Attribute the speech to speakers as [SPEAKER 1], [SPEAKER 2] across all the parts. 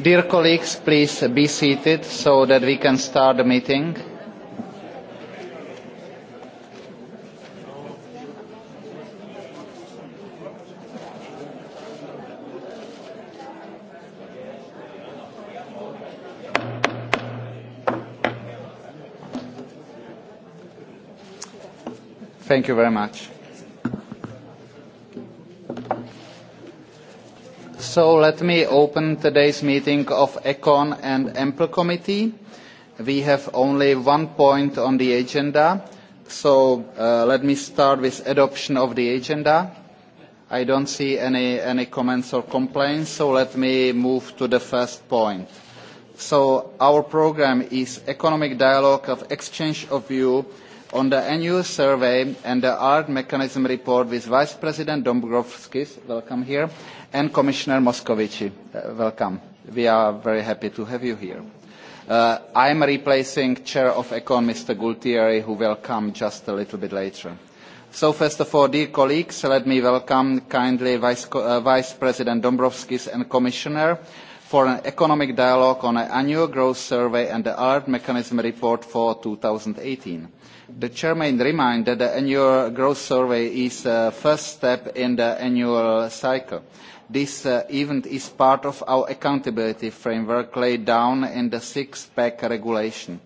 [SPEAKER 1] Dear colleagues, please be seated so that we can start the meeting. Thank you very much. So let me open today's meeting of Econ and Ample Committee. We have only one point on the agenda, so uh, let me start with adoption of the agenda. I don't see any, any comments or complaints, so let me move to the first point. So our program is economic dialogue of exchange of view on the annual survey and the art mechanism report with Vice President Dombrovskis, welcome here, and Commissioner Moscovici, welcome. We are very happy to have you here. I am replacing Chair of Econ, Mr. Gultieri, who will come just a little bit later. So first of all, dear colleagues, let me welcome kindly Vice, President Dombrovskis and Commissioner for an economic dialogue on an annual growth survey and the alert mechanism report for. two thousand and eighteen the chair may remind that the annual growth survey is the first step in the annual cycle. this event is part of our accountability framework laid down in the six pack regulation.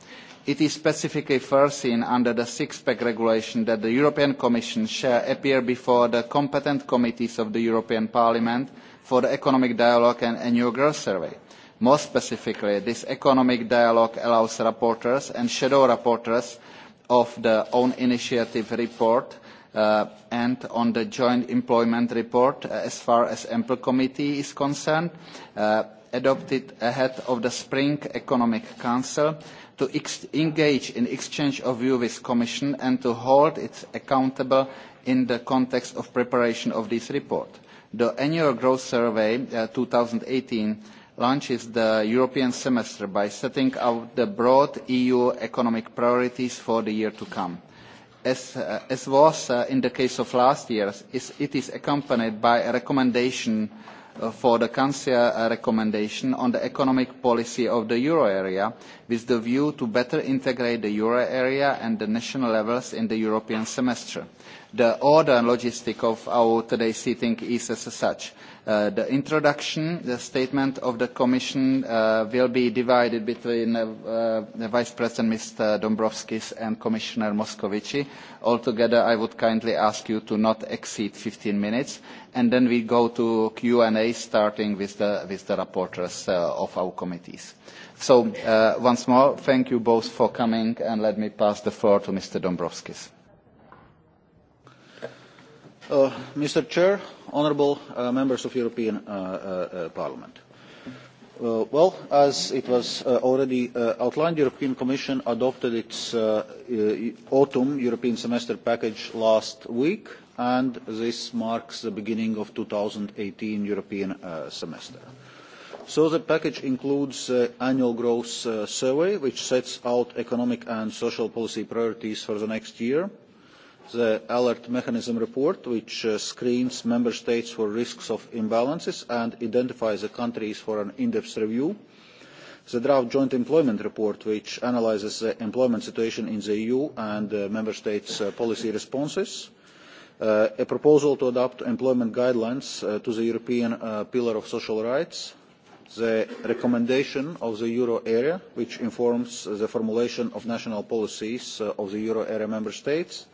[SPEAKER 1] it is specifically foreseen under the six pack regulation that the european commission shall appear before the competent committees of the european parliament for the economic dialogue and annual growth survey. More specifically, this economic dialogue allows rapporteurs and shadow rapporteurs of the own initiative report and on the joint employment report as far as the ample committee is concerned adopted ahead of the spring economic council to engage in exchange of views with the commission and to hold it accountable in the context of preparation of this report The annual growth survey uh, 2018 launches the European semester by setting out the broad EU economic priorities for the year to come. As, was in the case of last year, it is accompanied by a recommendation for the Council recommendation on the economic policy of the euro area with the view to better integrate the euro area and the national levels in the European semester. The order and logistic of our today's sitting is as such. the introduction, the statement of the Commission will be divided between the Vice President, Mr. Dombrovskis, and Commissioner Moscovici. Altogether, I would kindly ask you to not exceed fifteen minutes, and then we go to Q&A, starting with the, with the rapporteurs of our committees. So once more, thank you both for coming, and let me pass the floor to Mr. Dombrovskis
[SPEAKER 2] Mr. Chair, honourable members of European Parliament. well, as it was already outlined, the European Commission adopted its autumn European semester package last week, and this marks the beginning of the eighteen European semester. So the package includes the annual growth survey, which sets out economic and social policy priorities for the next year, the alert mechanism report which screens member states for risks of imbalances and identifies the countries for an in-depth review the draft joint employment report which analyses the employment situation in the eu and member states' policy responses a proposal to adopt employment guidelines to the european pillar of social rights the recommendation of the euro area which informs the formulation of national policies of the euro area member states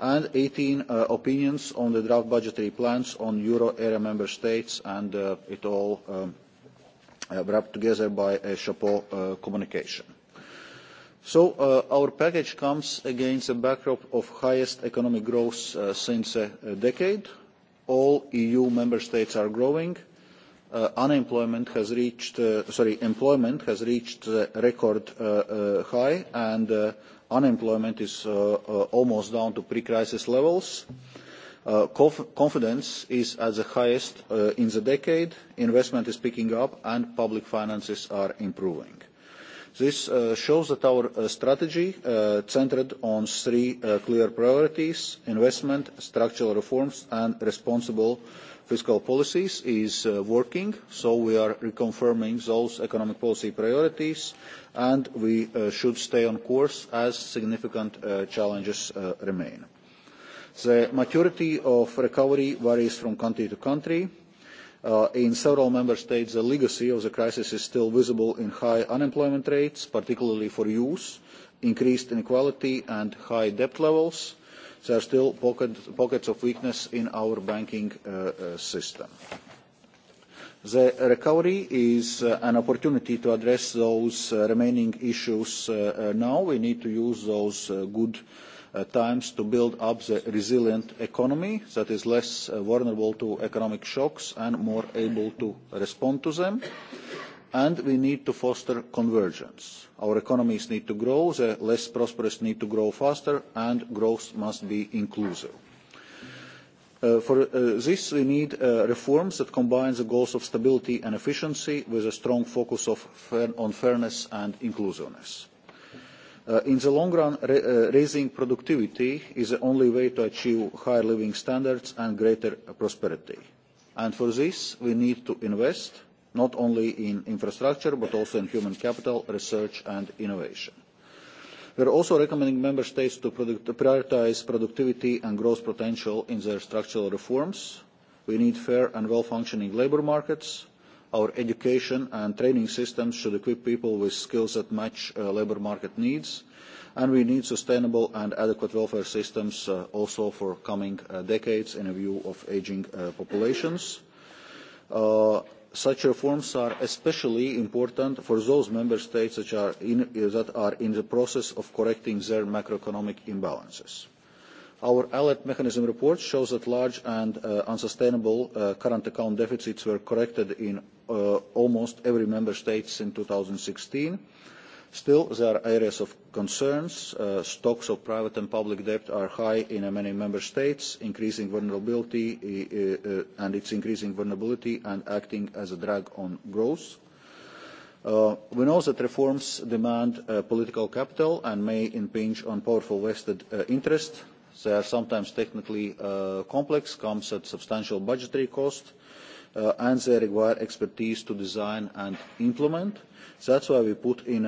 [SPEAKER 2] and eighteen opinions on the draft budgetary plans on euro area member states, and it all wrapped together by a chapeau communication. So our package comes against a backdrop of highest economic growth since a decade. All EU member states are growing. unemployment has reached, sorry, employment has reached a record high, and unemployment is almost down to pre-crisis levels. confidence is at the highest in the decade. Investment is picking up, and public finances are improving. This shows that our strategy centred on three clear priorities: investment, structural reforms, and responsible fiscal policies is working, so we are reconfirming those economic policy priorities, and we should stay on course as significant challenges remain. The maturity of recovery varies from country to country. in several member states, the legacy of the crisis is still visible in high unemployment rates, particularly for youth, increased inequality, and high debt levels – there are still pockets of weakness in our banking system. The recovery is an opportunity to address those remaining issues now. We need to use those good times to build up the resilient economy that is less vulnerable to economic shocks and more able to respond to them and we need to foster convergence. Our economies need to grow, the less prosperous need to grow faster, and growth must be inclusive. for this, we need reforms that combine the goals of stability and efficiency with a strong focus on fairness and inclusiveness. in the long run, raising productivity is the only way to achieve higher living standards and greater prosperity. And for this, we need to invest – not only in infrastructure, but also in human capital, research, and innovation. We are also recommending member states to prioritise productivity and growth potential in their structural reforms. We need fair and well-functioning labour markets. Our education and training systems should equip people with skills that match labour market needs. And we need sustainable and adequate welfare systems also for coming decades in view of ageing populations Such reforms are especially important for those member states that are in the process of correcting their macroeconomic imbalances. Our alert mechanism report shows that large and unsustainable current account deficits were corrected in almost every member state in sixteen Still, there are areas of concerns. Stocks of private and public debt are high in many member states, increasing vulnerability, and it's increasing vulnerability and acting as a drag on growth. We know that reforms demand political capital and may impinge on powerful vested interests. They are sometimes technically complex, comes at substantial budgetary cost, and they require expertise to design and implement That's why we put in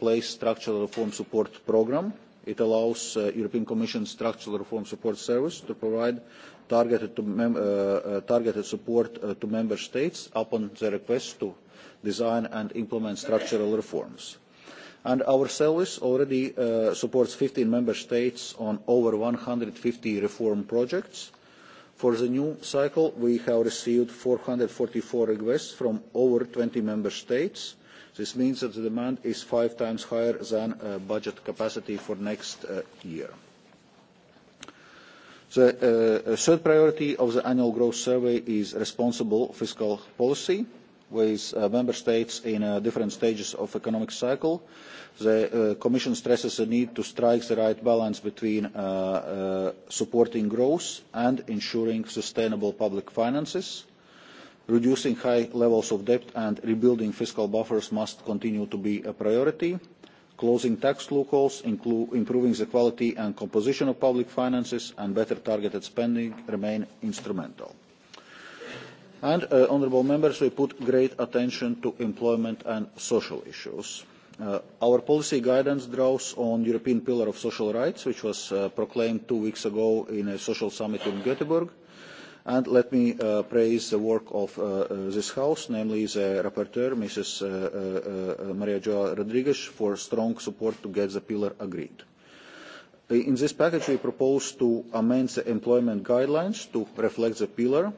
[SPEAKER 2] place structural reform support programme. It allows the European Commission Structural Reform Support Service to provide targeted, support to member states upon the request to design and implement structural reforms. And our service already supports fifteen member states on over one hundred and fifty reform projects. For the new cycle, we have received four hundred and forty four requests from over twenty member states – This means that the demand is five times higher than budget capacity for next year. The third priority of the annual growth survey is responsible fiscal policy, with member states in different stages of the economic cycle. The Commission stresses the need to strike the right balance between supporting growth and ensuring sustainable public finances. Reducing high levels of debt and rebuilding fiscal buffers must continue to be a priority. Closing tax loopholes, improving the quality and composition of public finances, and better targeted spending remain instrumental. honourable members, we put great attention to employment and social issues. our policy guidance draws on the European Pillar of Social Rights, which was proclaimed two weeks ago in a social summit in Göteborg And let me praise the work of this House, namely the rapporteur, Mrs. Maria Joa Rodriguez, for strong support to get the pillar agreed. In this package, we propose to amend the employment guidelines to reflect the pillar.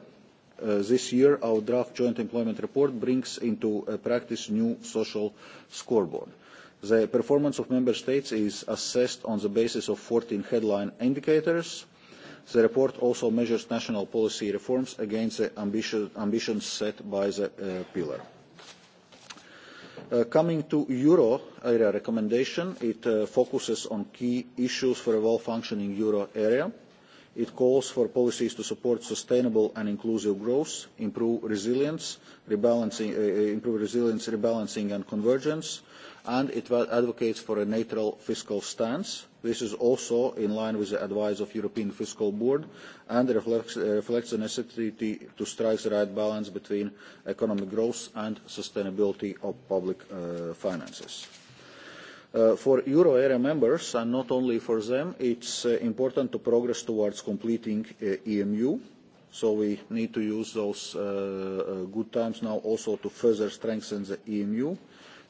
[SPEAKER 2] this year, our draft joint employment report brings into practice a new social scoreboard. The performance of member states is assessed on the basis of fourteen headline indicators, The report also measures national policy reforms against the ambitions set by the pillar. Coming to euro area recommendation, it focuses on key issues for a well-functioning euro area. It calls for policies to support sustainable and inclusive growth, improve resilience, rebalancing, improve resilience, rebalancing and convergence, and it advocates for a neutral fiscal stance. This is also in line with the advice of the European Fiscal Board and reflects, the necessity to strike the right balance between economic growth and sustainability of public finances. for euro area members, and not only for them, it is important to progress towards completing EMU. So we need to use those good times now also to further strengthen the EMU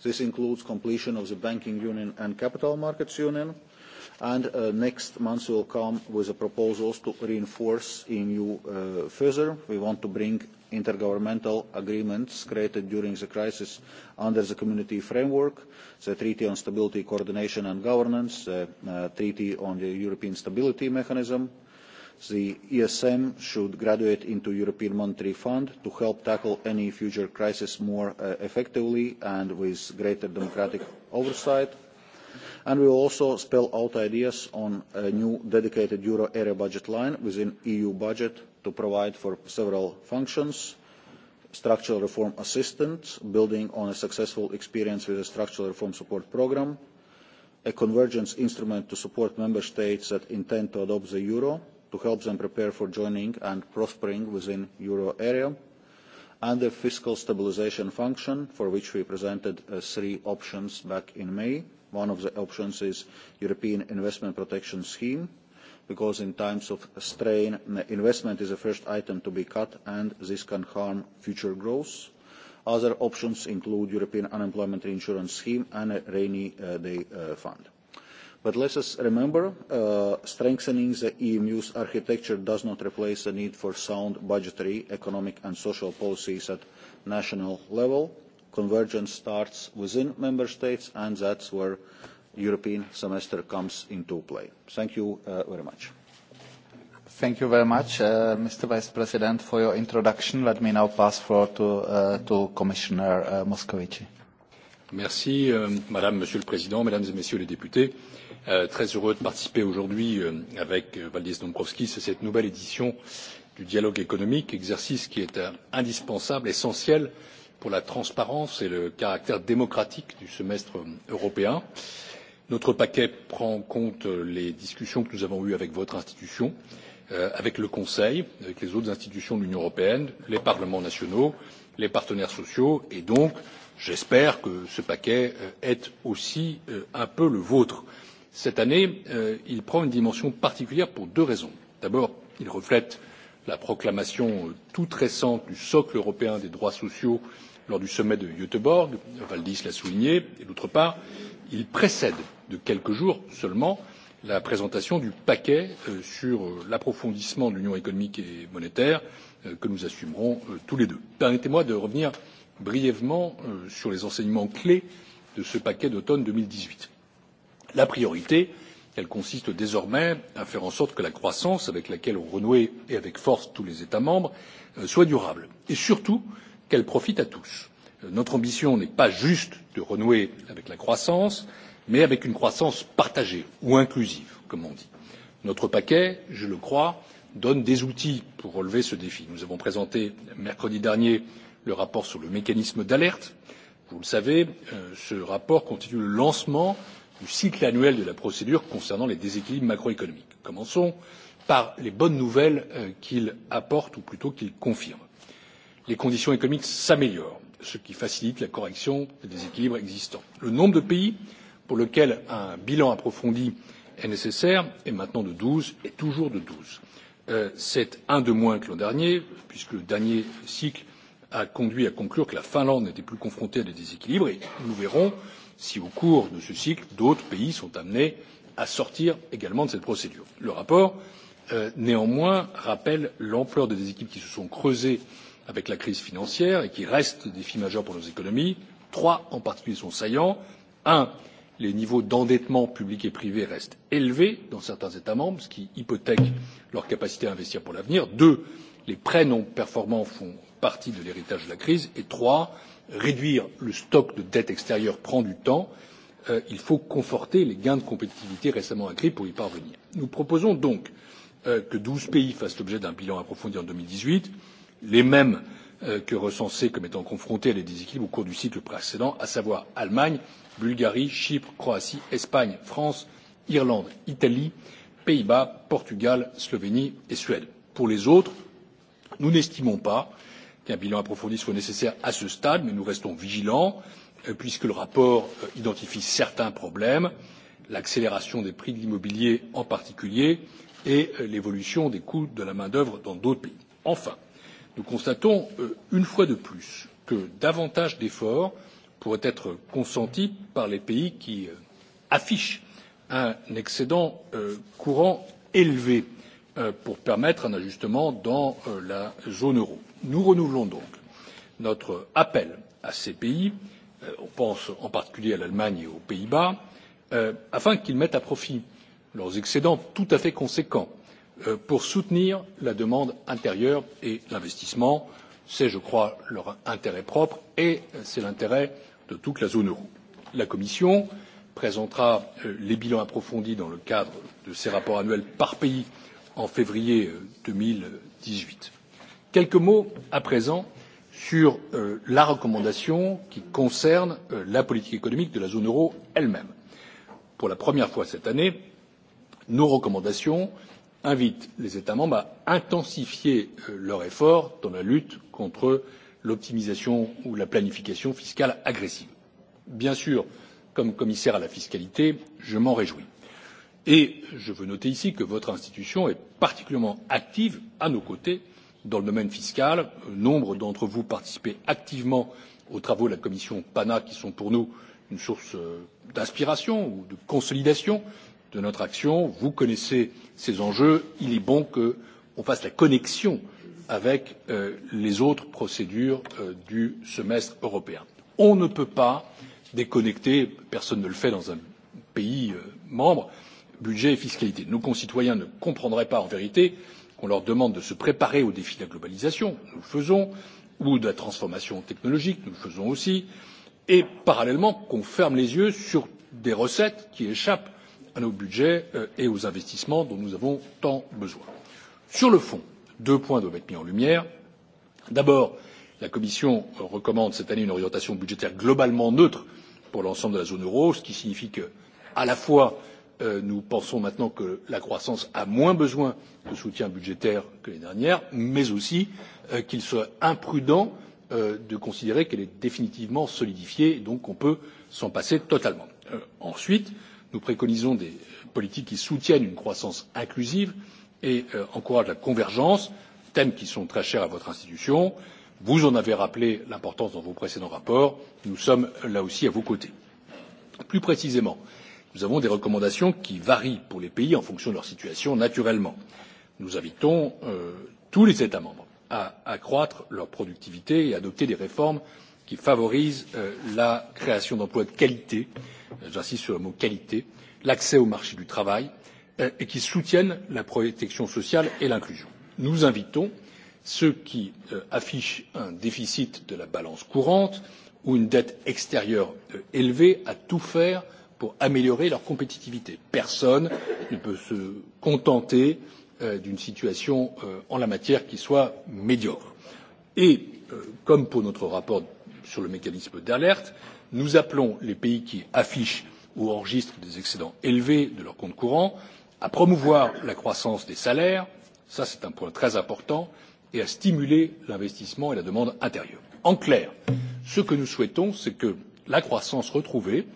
[SPEAKER 2] This includes completion of the banking union and capital markets union. And next month will come with the proposals to reinforce EMU further. We want to bring intergovernmental agreements created during the crisis under the community framework, the Treaty on Stability, Coordination and Governance, the Treaty on the European Stability Mechanism, The ESM should graduate into European Monetary Fund to help tackle any future crisis more effectively and with greater democratic oversight. And we will also spell out ideas on a new dedicated euro area budget line within the EU budget to provide for several functions. Structural reform assistance, building on a successful experience with the structural reform support programme, a convergence instrument to support member states that intend to adopt the euro, to help them prepare for joining and prospering within the euro area, and the fiscal stabilisation function, for which we presented three options back in May. One of the options is the European Investment Protection Scheme, because in times of strain, investment is the first item to be cut, and this can harm future growth. Other options include the European Unemployment Insurance Scheme and a rainy day fund. But let us remember, uh, strengthening the EMU's architecture does not replace the need for sound budgetary, economic and social policies at national level. Convergence starts within member states and that's where European semester comes into play. Thank you uh, very much. Thank you very much, uh, Mr. Vice President, for
[SPEAKER 1] your introduction. Let me now pass floor to, uh, to Commissioner uh, Moscovici.
[SPEAKER 3] Merci, euh, Madame, Monsieur le Président, Mesdames et Messieurs les députés. Euh, très heureux de participer aujourd'hui avec valdis dombrovskis à cette nouvelle édition du dialogue économique exercice qui est indispensable essentiel pour la transparence et le caractère démocratique du semestre européen. notre paquet prend en compte les discussions que nous avons eues avec votre institution avec le conseil avec les autres institutions de l'union européenne les parlements nationaux les partenaires sociaux et donc j'espère que ce paquet est aussi un peu le vôtre cette année il prend une dimension particulière pour deux raisons d'abord il reflète la proclamation toute récente du socle européen des droits sociaux lors du sommet de gteborg valdis l'a souligné et d'autre part il précède de quelques jours seulement la présentation du paquet sur l'approfondissement de l'union économique et monétaire que nous assumerons tous les deux. permettez moi de revenir brièvement sur les enseignements clés de ce paquet d'automne deux mille dix huit la priorité consiste désormais à faire en sorte que la croissance avec laquelle ont renoué et avec force tous les états membres soit durable et surtout qu'elle profite à tous. notre ambition n'est pas juste de renouer avec la croissance mais avec une croissance partagée ou inclusive comme on dit. notre paquet je le crois donne des outils pour relever ce défi. nous avons présenté mercredi dernier le rapport sur le mécanisme d'alerte. vous le savez ce rapport constitue le lancement du cycle annuel de la procédure concernant les déséquilibres macroéconomiques. commençons par les bonnes nouvelles qu'il apporte ou plutôt qu'il confirme les conditions économiques s'améliorent ce qui facilite la correction des déséquilibres existants. le nombre de pays pour lesquels un bilan approfondi est nécessaire est maintenant de douze et toujours de douze. c'est un de moins que l'an dernier puisque le dernier cycle a conduit à conclure que la finlande n'était plus confrontée à des déséquilibres et nous verrons si au cours de ce cycle d'autres pays sont amenés à sortir également de cette procédure. le rapport néanmoins rappelle l'ampleur des déséquilibres qui se sont creusés avec la crise financière et qui restent des défis majeurs pour nos économies. trois en particulier sont saillants Un, les niveaux d'endettement public et privé restent élevés dans certains états membres ce qui hypothèque leur capacité à investir pour l'avenir. deuxièmement les prêts non performants font partie de l'héritage de la crise et réduire le stock de dette extérieure prend du temps il faut conforter les gains de compétitivité récemment acquis pour y parvenir. nous proposons donc que douze pays fassent l'objet d'un bilan approfondi en deux mille dix huit les mêmes que recensés comme étant confrontés à des déséquilibres au cours du cycle précédent à savoir allemagne bulgarie chypre croatie espagne france irlande italie pays bas portugal slovénie et suède. pour les autres nous n'estimons qu'un bilan approfondi soit nécessaire à ce stade mais nous restons vigilants puisque le rapport identifie certains problèmes l'accélération des prix de l'immobilier en particulier et l'évolution des coûts de la main d'œuvre dans d'autres pays. enfin nous constatons une fois de plus que davantage d'efforts pourraient être consentis par les pays qui affichent un excédent courant élevé pour permettre un ajustement dans la zone euro nous renouvelons donc notre appel à ces pays on pense en particulier à l'allemagne et aux pays bas afin qu'ils mettent à profit leurs excédents tout à fait conséquents pour soutenir la demande intérieure et l'investissement c'est je crois leur intérêt propre et c'est l'intérêt de toute la zone euro. la commission présentera les bilans approfondis dans le cadre de ses rapports annuels par pays en février deux mille dix huit quelques mots à présent sur la recommandation qui concerne la politique économique de la zone euro elle même. pour la première fois cette année nos recommandations invitent les états membres à intensifier leurs efforts dans la lutte contre l'optimisation ou la planification fiscale agressive. bien sûr comme commissaire à la fiscalité je m'en réjouis et je veux noter ici que votre institution est particulièrement active à nos côtés dans le domaine fiscal. nombre d'entre vous participez activement aux travaux de la commission pana qui sont pour nous une source d'inspiration ou de consolidation de notre action. vous connaissez ces enjeux il est bon que nous fassions la connexion avec les autres procédures du semestre européen. on ne peut pas déconnecter personne ne le fait dans un pays membre budget et fiscalité. nos concitoyens ne comprendraient pas en vérité qu'on leur demande de se préparer aux défis de la globalisation nous le faisons ou de la transformation technologique nous le faisons aussi et parallèlement qu'on ferme les yeux sur des recettes qui échappent à nos budgets et aux investissements dont nous avons tant besoin. sur le fond deux points doivent être mis en lumière d'abord la commission recommande cette année une orientation budgétaire globalement neutre pour l'ensemble de la zone euro ce qui signifie que à la fois nous pensons maintenant que la croissance a moins besoin de soutien budgétaire que l'année dernière mais aussi qu'il serait imprudent de considérer qu'elle est définitivement solidifiée et donc qu'on peut s'en passer totalement. ensuite nous préconisons des politiques qui soutiennent une croissance inclusive et encouragent la convergence thèmes qui sont très chers à votre institution. vous en avez rappelé l'importance dans vos précédents rapports nous sommes là aussi à vos côtés. plus précisément nous avons des recommandations qui varient pour les pays en fonction de leur situation naturellement. nous invitons tous les états membres à accroître leur productivité et à adopter des réformes qui favorisent la création d'emplois de qualité j'insiste sur le mot qualité l'accès au marché du travail et qui soutiennent la protection sociale et l'inclusion. nous invitons ceux qui affichent un déficit de la balance courante ou une dette extérieure élevée à tout faire pour améliorer leur compétitivité. personne ne peut se contenter d'une situation en la matière qui soit médiocre. et comme pour notre rapport sur le mécanisme d'alerte nous appelons les pays qui affichent ou enregistrent des excédents élevés de leur compte courant à promouvoir la croissance des salaires c'est un point très important et à stimuler l'investissement et la demande intérieure. en clair ce que nous souhaitons c'est que la croissance retrouvée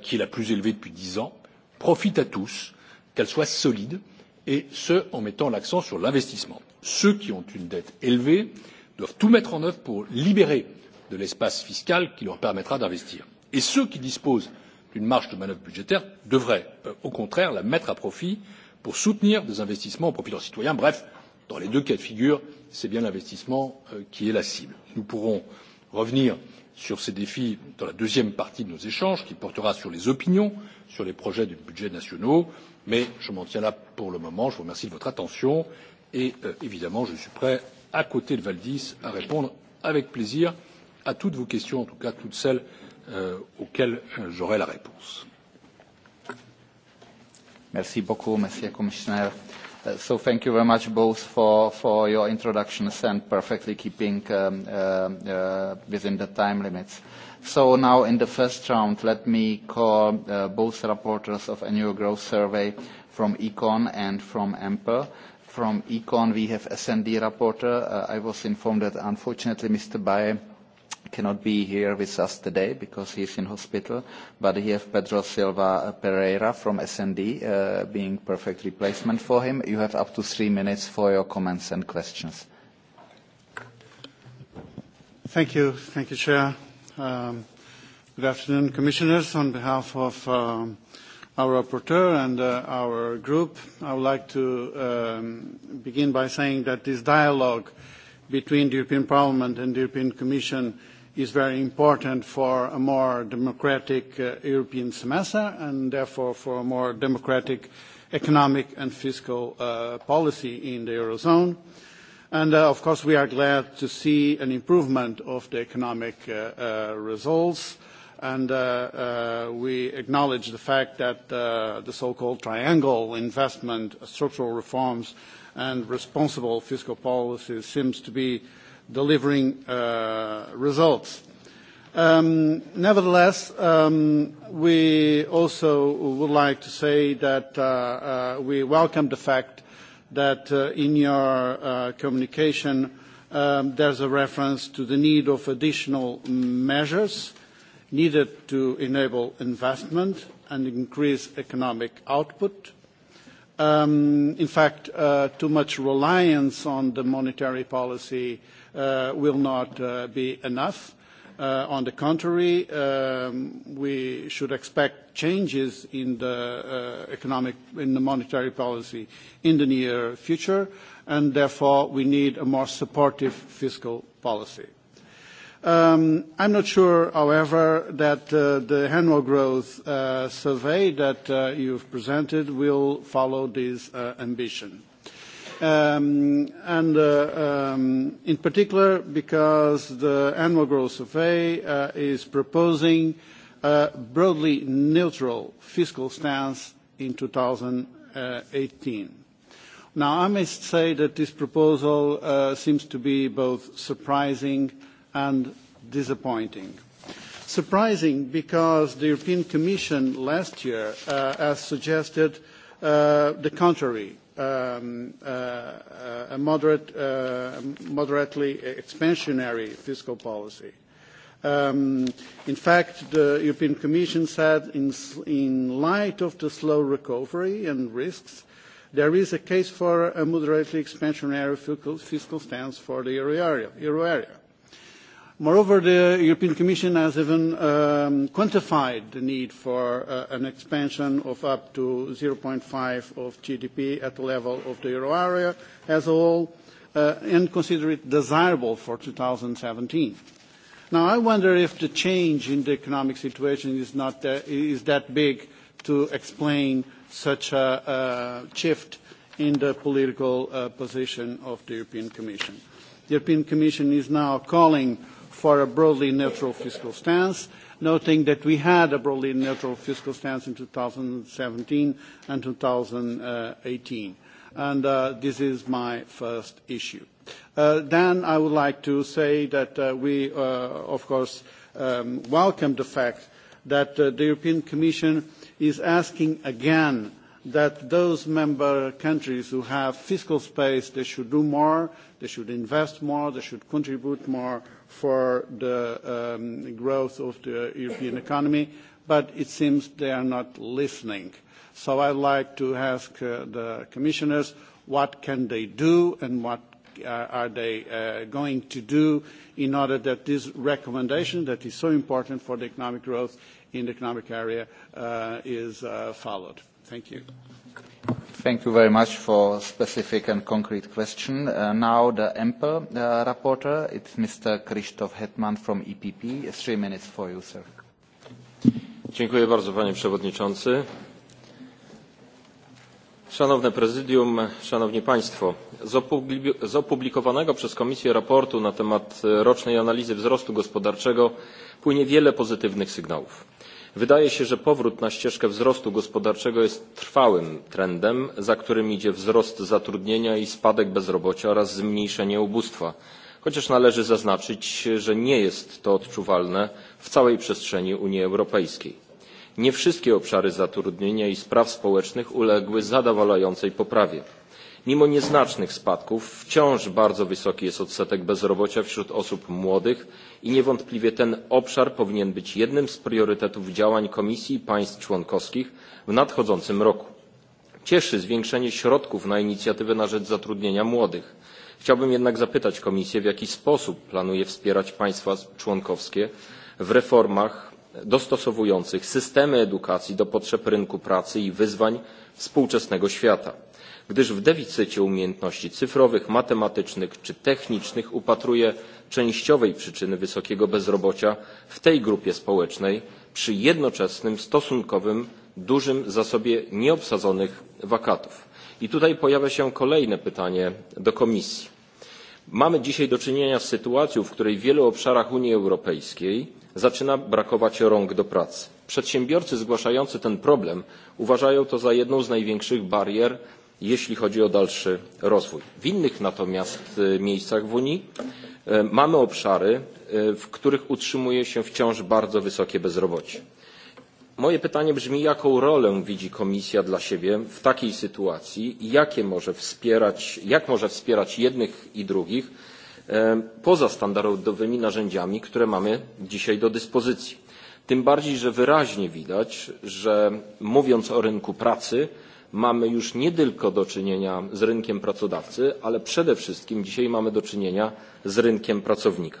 [SPEAKER 3] qui est la plus élevée depuis dix ans profite à tous qu'elle soit solide et ce en mettant l'accent sur l'investissement. ceux qui ont une dette élevée doivent tout mettre en œuvre pour libérer de l'espace fiscal qui leur permettra d'investir et ceux qui disposent d'une marge de manœuvre budgétaire devraient au contraire la mettre à profit pour soutenir des investissements au profit de leurs citoyens. bref dans les deux cas de figure c'est bien l'investissement qui est la cible. nous pourrons revenir sur ces défis dans la deuxième partie de nos échanges qui portera sur les opinions sur les projets de budgets nationaux mais je m'en tiens là pour le moment. je vous remercie de votre attention et évidemment je suis prêt à côté de valdis à répondre avec plaisir à toutes vos questions en tout cas toutes celles auxquelles j'aurai la réponse.
[SPEAKER 1] merci beaucoup monsieur le commissaire so thank you very much both for, for your introductions and perfectly keeping um, uh, uh, within the time limits. So now in the first round, let me call uh, both rapporteurs of annual growth survey from Econ and from EMPER. From Econ, we have SND reporter. Uh, I was informed that unfortunately Mr. Baye cannot be here with us today because he is in hospital, but we have Pedro Silva Pereira from S&D uh, being perfect replacement for him. You have up to three minutes for your comments and questions.
[SPEAKER 4] Thank you. Thank you, Chair. Um, good afternoon, Commissioners. On behalf of um, our rapporteur and uh, our group, I would like to um, begin by saying that this dialogue between the European Parliament and the European Commission is very important for a more democratic European semester and therefore for a more democratic economic and fiscal policy in the Eurozone. And of course, we are glad to see an improvement of the economic results. And we acknowledge the fact that the so-called triangle investment, structural reforms, and responsible fiscal policies seems to be delivering results. Nevertheless, we also would like to say that we welcome the fact that in your communication, there's a reference to the need of additional measures needed to enable investment and increase economic output. In fact, too much reliance on the monetary policy will not be enough. On the contrary, we should expect changes in the economic, in the monetary policy in the near future, and therefore, we need a more supportive fiscal policy. I'm not sure, however, that the annual growth survey that you've presented will follow this ambition and in particular because the annual growth survey is proposing a broadly neutral fiscal stance in 2018. Now, I must say that this proposal seems to be both surprising and disappointing. Surprising because the European Commission last year has suggested the contrary, a moderately expansionary fiscal policy. In fact, the European Commission said in light of the slow recovery and risks, there is a case for a moderately expansionary fiscal stance for the euro area Moreover, the European Commission has even quantified the need for an expansion of up to 0.5 of GDP at the level of the euro area as a whole, and consider it desirable for 2017. Now, I wonder if the change in the economic situation is not that, is that big to explain such a shift in the political position of the European Commission. The European Commission is now calling for a broadly neutral fiscal stance, noting that we had a broadly neutral fiscal stance in 2017 and 2018. This is my first issue. Then I would like to say that we, of course, welcome the fact that the European Commission is asking again that those member countries who have fiscal space, they should do more, they should invest more, they should contribute more for the growth of the European economy, but it seems they are not listening. So I'd like to ask the commissioners, what can they do and what are they going to do in order that this recommendation that is so important for the economic growth in the economic area is followed? Thank you.
[SPEAKER 1] Thank you very much for a specific and concrete question. Uh, now the EMPL uh, rapporteur, it's Mr. Krzysztof Hetman from EPP. Three minutes for you, sir.
[SPEAKER 5] Dziękuję bardzo, panie przewodniczący. Szanowne Prezydium, Szanowni Państwo, z opublikowanego przez Komisję raportu na temat rocznej analizy wzrostu gospodarczego płynie wiele pozytywnych sygnałów wydaje się że powrót na ścieżkę wzrostu gospodarczego jest trwałym trendem za którym idzie wzrost zatrudnienia i spadek bezrobocia oraz zmniejszenie ubóstwa chociaż należy zaznaczyć że nie jest to odczuwalne w całej przestrzeni unii europejskiej. nie wszystkie obszary zatrudnienia i spraw społecznych uległy zadowalającej poprawie. Mimo nieznacznych spadków wciąż bardzo wysoki jest odsetek bezrobocia wśród osób młodych i niewątpliwie ten obszar powinien być jednym z priorytetów działań Komisji i państw członkowskich w nadchodzącym roku. Cieszy zwiększenie środków na inicjatywę na rzecz zatrudnienia młodych. Chciałbym jednak zapytać Komisję, w jaki sposób planuje wspierać państwa członkowskie w reformach dostosowujących systemy edukacji do potrzeb rynku pracy i wyzwań współczesnego świata gdyż w deficycie umiejętności cyfrowych, matematycznych czy technicznych upatruje częściowej przyczyny wysokiego bezrobocia w tej grupie społecznej przy jednoczesnym stosunkowym dużym zasobie nieobsadzonych wakatów. I tutaj pojawia się kolejne pytanie do Komisji. Mamy dzisiaj do czynienia z sytuacją, w której w wielu obszarach Unii Europejskiej zaczyna brakować rąk do pracy. Przedsiębiorcy zgłaszający ten problem uważają to za jedną z największych barier jeśli chodzi o dalszy rozwój. W innych natomiast miejscach w Unii mamy obszary, w których utrzymuje się wciąż bardzo wysokie bezrobocie. Moje pytanie brzmi, jaką rolę widzi Komisja dla siebie w takiej sytuacji i jakie może wspierać, jak może wspierać jednych i drugich poza standardowymi narzędziami, które mamy dzisiaj do dyspozycji. Tym bardziej, że wyraźnie widać, że mówiąc o rynku pracy, mamy już nie tylko do czynienia z rynkiem pracodawcy, ale przede wszystkim dzisiaj mamy do czynienia z rynkiem pracownika.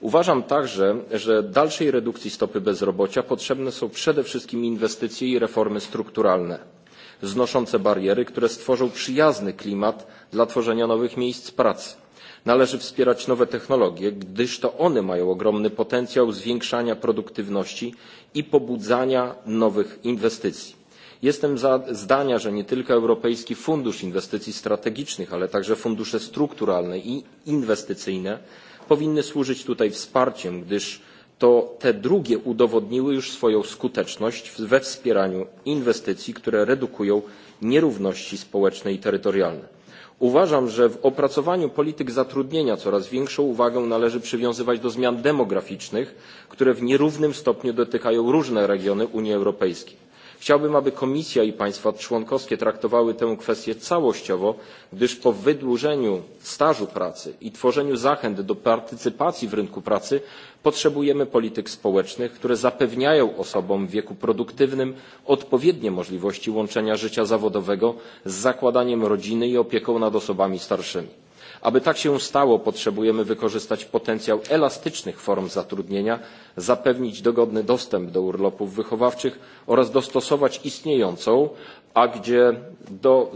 [SPEAKER 5] Uważam także, że dalszej redukcji stopy bezrobocia potrzebne są przede wszystkim inwestycje i reformy strukturalne, znoszące bariery, które stworzą przyjazny klimat dla tworzenia nowych miejsc pracy. Należy wspierać nowe technologie, gdyż to one mają ogromny potencjał zwiększania produktywności i pobudzania nowych inwestycji. Jestem zdania, że nie tylko Europejski Fundusz Inwestycji Strategicznych, ale także fundusze strukturalne i inwestycyjne powinny służyć tutaj wsparciem, gdyż to te drugie udowodniły już swoją skuteczność we wspieraniu inwestycji, które redukują nierówności społeczne i terytorialne. Uważam, że w opracowaniu polityk zatrudnienia coraz większą uwagę należy przywiązywać do zmian demograficznych, które w nierównym stopniu dotykają różne regiony Unii Europejskiej. Chciałbym, aby Komisja i państwa członkowskie traktowały tę kwestię całościowo, gdyż po wydłużeniu stażu pracy i tworzeniu zachęt do partycypacji w rynku pracy potrzebujemy polityk społecznych, które zapewniają osobom w wieku produktywnym odpowiednie możliwości łączenia życia zawodowego z zakładaniem rodziny i opieką nad osobami starszymi aby tak się stało potrzebujemy wykorzystać potencjał elastycznych form zatrudnienia zapewnić dogodny dostęp do urlopów wychowawczych oraz dostosować istniejącą a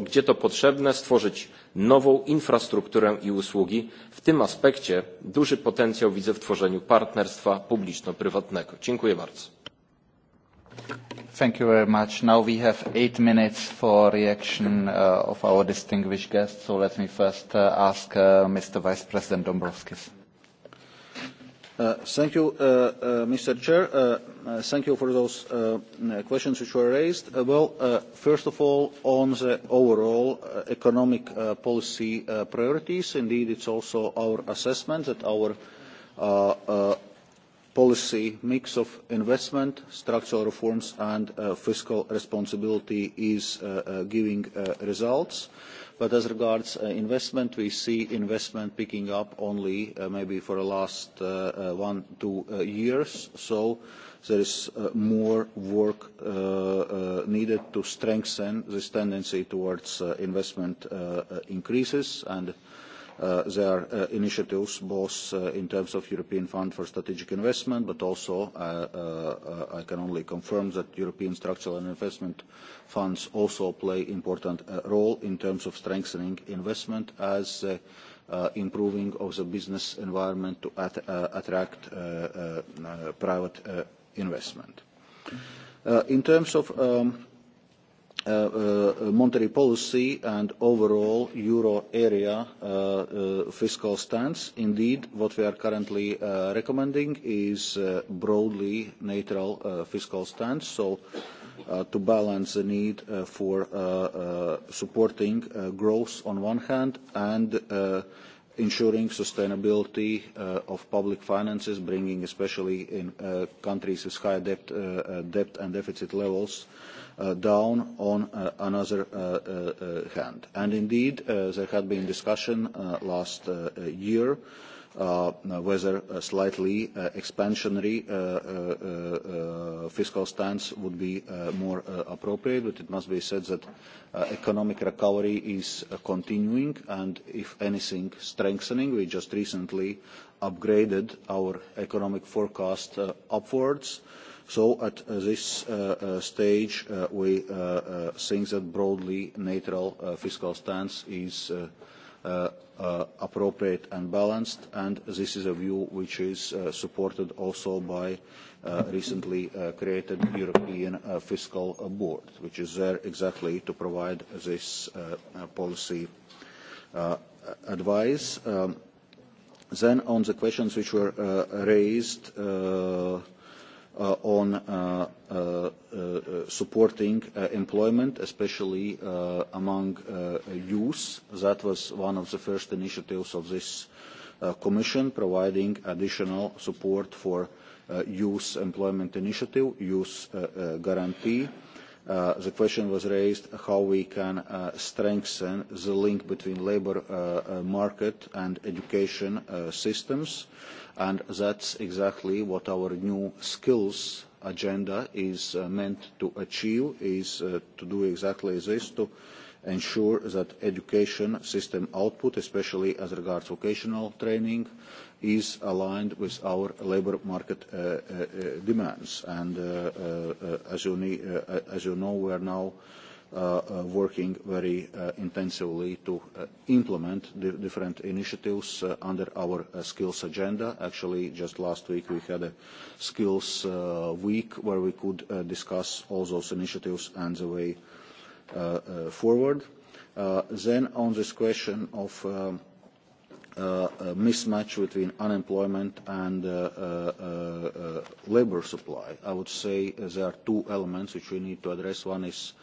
[SPEAKER 5] gdzie to potrzebne stworzyć nową infrastrukturę i usługi. w tym aspekcie duży potencjał widzę w tworzeniu partnerstwa publiczno prywatnego. dziękuję bardzo.
[SPEAKER 1] Thank you very much. Now we have eight minutes for reaction uh, of our distinguished guests. So let me first uh, ask uh, Mr. Vice President Dombrovskis.
[SPEAKER 2] Uh, thank you, uh, uh, Mr. Chair. Uh, uh, thank you for those uh, questions which were raised. Uh, well, uh, first of all, on the overall uh, economic uh, policy uh, priorities, indeed, it's also our assessment that our uh, uh, policy mix of investment, structural reforms and fiscal responsibility is giving results. But as regards investment, we see investment picking up only maybe for the last one, two years. So there is more work needed to strengthen this tendency towards investment increases. And their initiatives, both in terms of European Fund for Strategic Investment, but also I can only confirm that European structural and investment funds also play an important role in terms of strengthening investment as improving of the business environment to attract private investment. In terms of monetary policy and overall euro area fiscal stance. Indeed, what we are currently recommending is a broadly neutral fiscal stance, so to balance the need for supporting growth on one hand and ensuring sustainability of public finances, bringing especially in countries with high debt and deficit levels down on another hand. And indeed, there had been discussion last year whether a slightly expansionary fiscal stance would be more appropriate. But it must be said that economic recovery is continuing and, if anything, strengthening. We just recently upgraded our economic forecast upwards So at this stage, we think that broadly neutral fiscal stance is appropriate and balanced, and this is a view which is supported also by recently created European Fiscal Board, which is there exactly to provide this policy advice. Then on the questions which were raised, on supporting employment, especially among youth. That was one of the first initiatives of this Commission, providing additional support for youth employment initiative, youth guarantee. the question was raised how we can strengthen the link between labour market and education systems. And that's exactly what our new skills agenda is meant to achieve, is to do exactly this, to ensure that education system output, especially as regards vocational training, is aligned with our labour market demands. as you know, we are now working very intensively to implement the different initiatives under our skills agenda. Actually, just last week we had a skills week where we could discuss all those initiatives and the way forward. Then on this question of mismatch between unemployment and labour supply. I would say there are two elements which we need to address. One is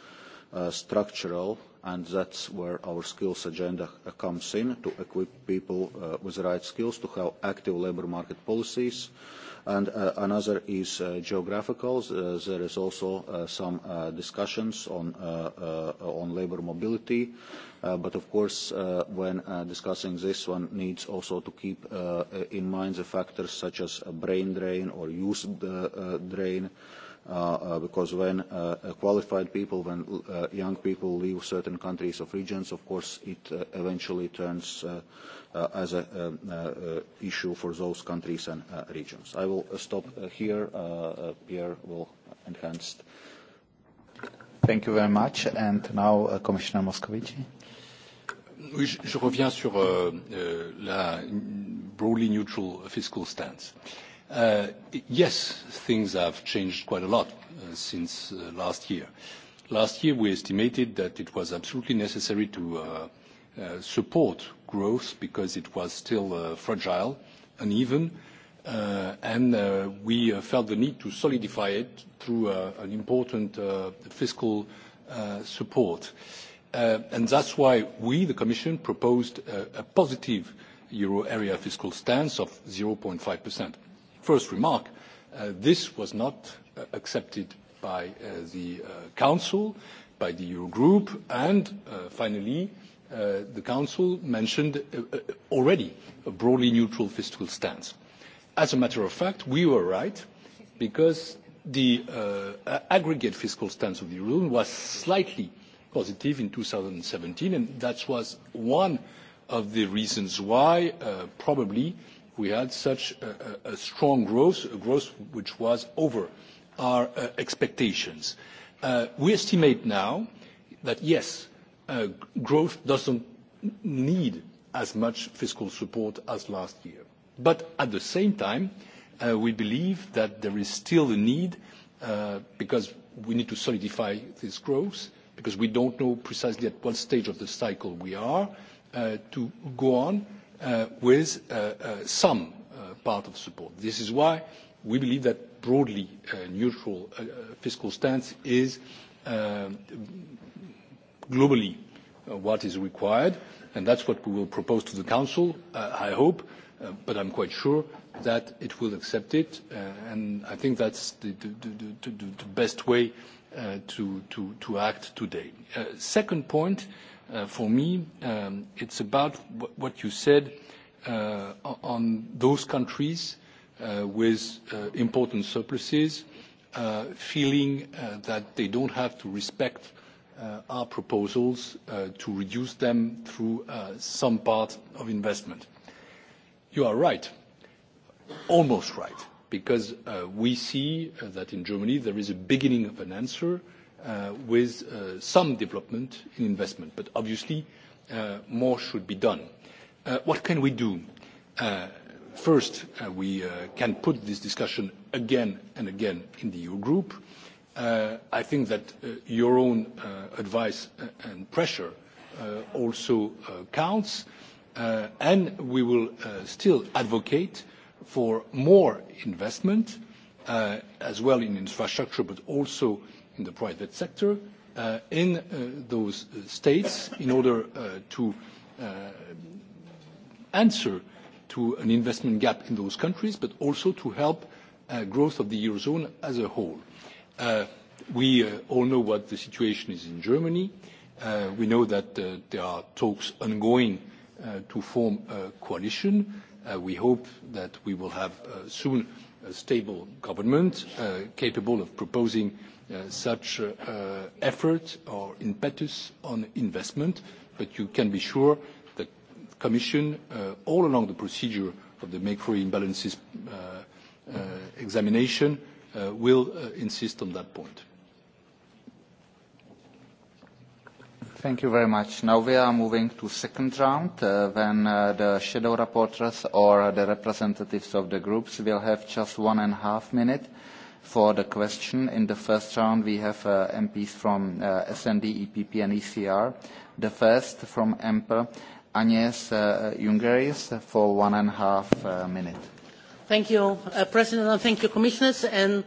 [SPEAKER 2] structural, and that's where our skills agenda comes in, to equip people with the right skills to have active labour market policies. And Another is geographical. There is also some discussions on labour mobility. But Of course, when discussing this, one needs also to keep in mind the factors such as brain drain or youth drain, because when qualified people, when young people leave certain countries or regions, of course, it eventually turns as an issue for those countries and regions. I will stop here. Pierre will enhance.
[SPEAKER 1] Thank you very much. And now, Commissioner Moscovici.
[SPEAKER 3] Oui, je reviens sur la broadly neutral fiscal stance. Euh, Yes, things have changed quite a lot since last year. Last year, we estimated that it was absolutely necessary to support growth because it was still fragile, uneven, and we felt the need to solidify it through an important fiscal support. That's why we, the Commission, proposed a positive euro area fiscal stance of 0.5% first remark, this was not accepted by the Council, by the Eurogroup, and finally, the Council mentioned already a broadly neutral fiscal stance. As a matter of fact, we were right because the aggregate fiscal stance of the Eurozone was slightly positive in 2017, and that was one of the reasons why probably we had such a strong growth, a growth which was over our expectations. We estimate now that, yes, growth doesn't need as much fiscal support as last year. But at the same time, we believe that there is still a need, because we need to solidify this growth, because we don't know precisely at what stage of the cycle we are, to go on with some part of support. this is why we believe that a broadly neutral fiscal stance is globally what is required and that is what we will propose to the council i hope but i am quite sure that it will accept it and i think that is the best way to act today. the second point for me, it's about what you said on those countries with important surpluses feeling that they don't have to respect our proposals to reduce them through some part of investment. You are right. Almost right, because we see that in Germany there is a beginning of an answer with some development in investment. But obviously, more should be done. What can we do? First, we can put this discussion again and again in the Eurogroup. I think that your own advice and pressure also counts, and we will still advocate for more investment as well in infrastructure, but also in the private sector in those states in order to answer to an investment gap in those countries, but also to help growth of the Eurozone as a whole. We all know what the situation is in Germany. We know that there are talks ongoing to form a coalition. We hope that we will have soon a stable government capable of proposing such effort or impetus on investment but you can be sure the commission all along the procedure of the free imbalances examination will insist on that point.
[SPEAKER 1] Thank you very much. Now we are moving to second round, uh, when uh, the shadow rapporteurs or the representatives of the groups will have just one and a half minute for the question. In the first round, we have uh, MPs from uh, SND, EPP, and ECR. The first from MP, Agnes uh, Jungerius, for one and a half uh, minute.
[SPEAKER 6] Thank you, uh, President, and thank you, Commissioners. And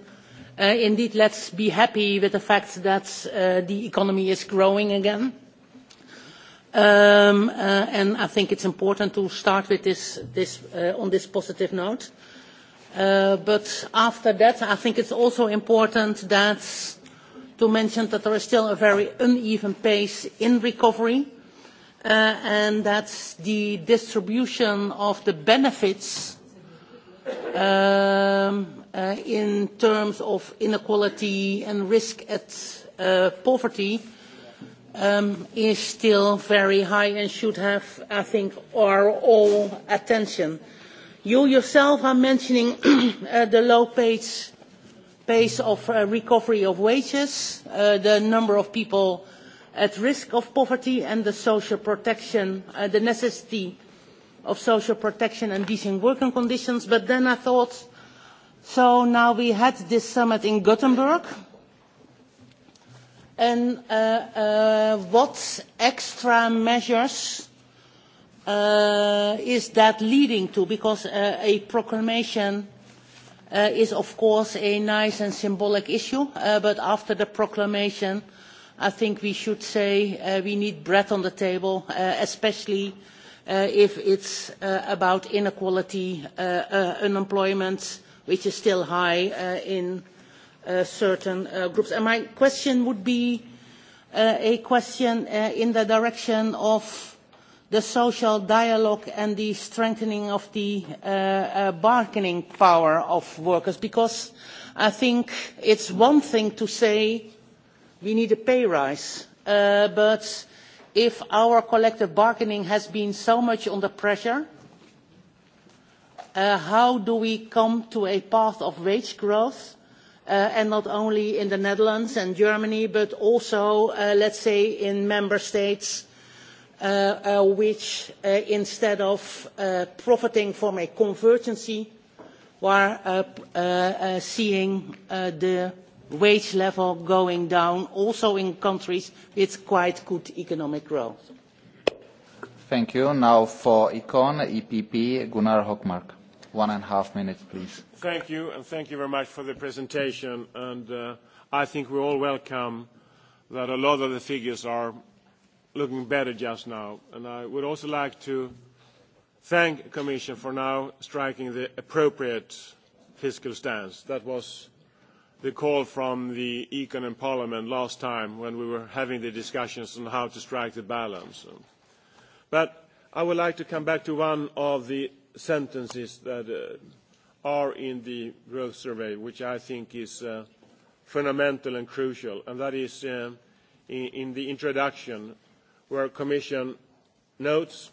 [SPEAKER 6] indeed, let's be happy with the fact that the economy is growing again. and I think it's important to start with this, on this positive note. but after that, I think it's also important to mention that there is still a very uneven pace in recovery and that the distribution of the benefits in terms of inequality and risk at poverty is still very high and should have, I think, our all attention. You yourself are mentioning the low pace, pace of recovery of wages, the number of people at risk of poverty and the social protection, the necessity of social protection and decent working conditions. But then I thought So now we had this summit in Gothenburg. And uh, uh, what extra measures uh, is that leading to? Because uh, a proclamation uh, is, of course, a nice and symbolic issue. Uh, but after the proclamation, I think we should say uh, we need bread on the table, uh, especially uh, if it's uh, about inequality, uh, uh, unemployment, which is still high in certain groups. And My question would be a question in the direction of the social dialogue and the strengthening of the bargaining power of workers, because I think it's one thing to say we need a pay rise, but if our collective bargaining has been so much under pressure, how do we come to a path of wage growth, and not only in the Netherlands and Germany, but also, let's say, in member states which, instead of profiting from a convergency, are seeing the wage level going down, also in countries with quite good economic growth.
[SPEAKER 1] Thank you. Now for Econ, EPP, Gunnar Hökmark. One and a half minutes, please.
[SPEAKER 7] Thank you, and thank you very much for the presentation. And I think we all welcome that a lot of the figures are looking better just now. And I would also like to thank the Commission for now striking the appropriate fiscal stance. That was the call from the Econ and Parliament last time when we were having the discussions on how to strike the balance. But I would like to come back to one of the sentences that are in the growth survey, which I think is fundamental and crucial, and that is in the introduction, where Commission notes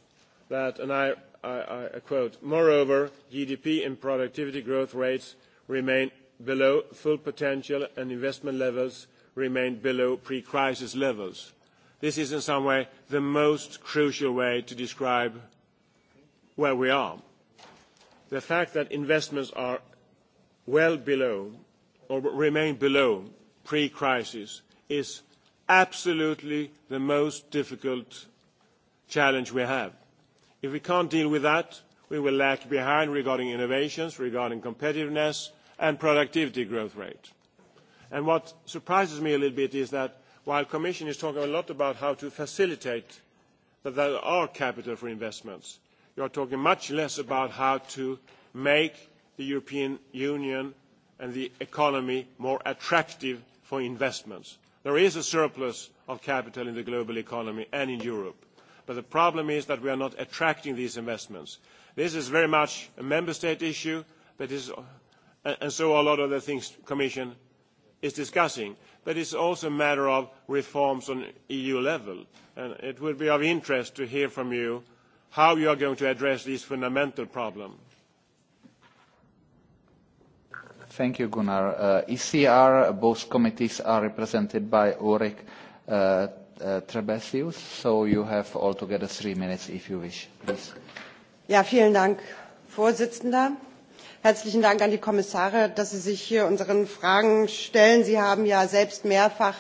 [SPEAKER 7] that, and I I I quote, "Moreover, GDP and productivity growth rates remain below full potential, and investment levels remain below pre-crisis levels." This is in some way the most crucial way to describe where we are the fact that investments are well below or remain below pre-crisis is absolutely the most difficult challenge we have. If we can't deal with that, we will lag behind regarding innovations, regarding competitiveness, and productivity growth rate. What surprises me a little bit is that while the Commission is talking a lot about how to facilitate that there are capital for investments, you are talking much less about how to make the European Union and the economy more attractive for investments. There is a surplus of capital in the global economy and in Europe, but the problem is that we are not attracting these investments. This is very much a member state issue, but is, and so a lot of the things the Commission is discussing, but it is also a matter of reforms on EU level. And it would be of interest to hear from you how you are going to address this fundamental problem.
[SPEAKER 1] Thank you, Gunnar. Uh, ECR, both committees are represented by Ulrich uh, uh, Trebesius, so you have altogether three minutes if you wish, please.
[SPEAKER 8] Ja, vielen Dank, Vorsitzender herzlichen dank an die kommissare dass sie sich hier unseren fragen stellen. sie haben sich ja selbst mehrfach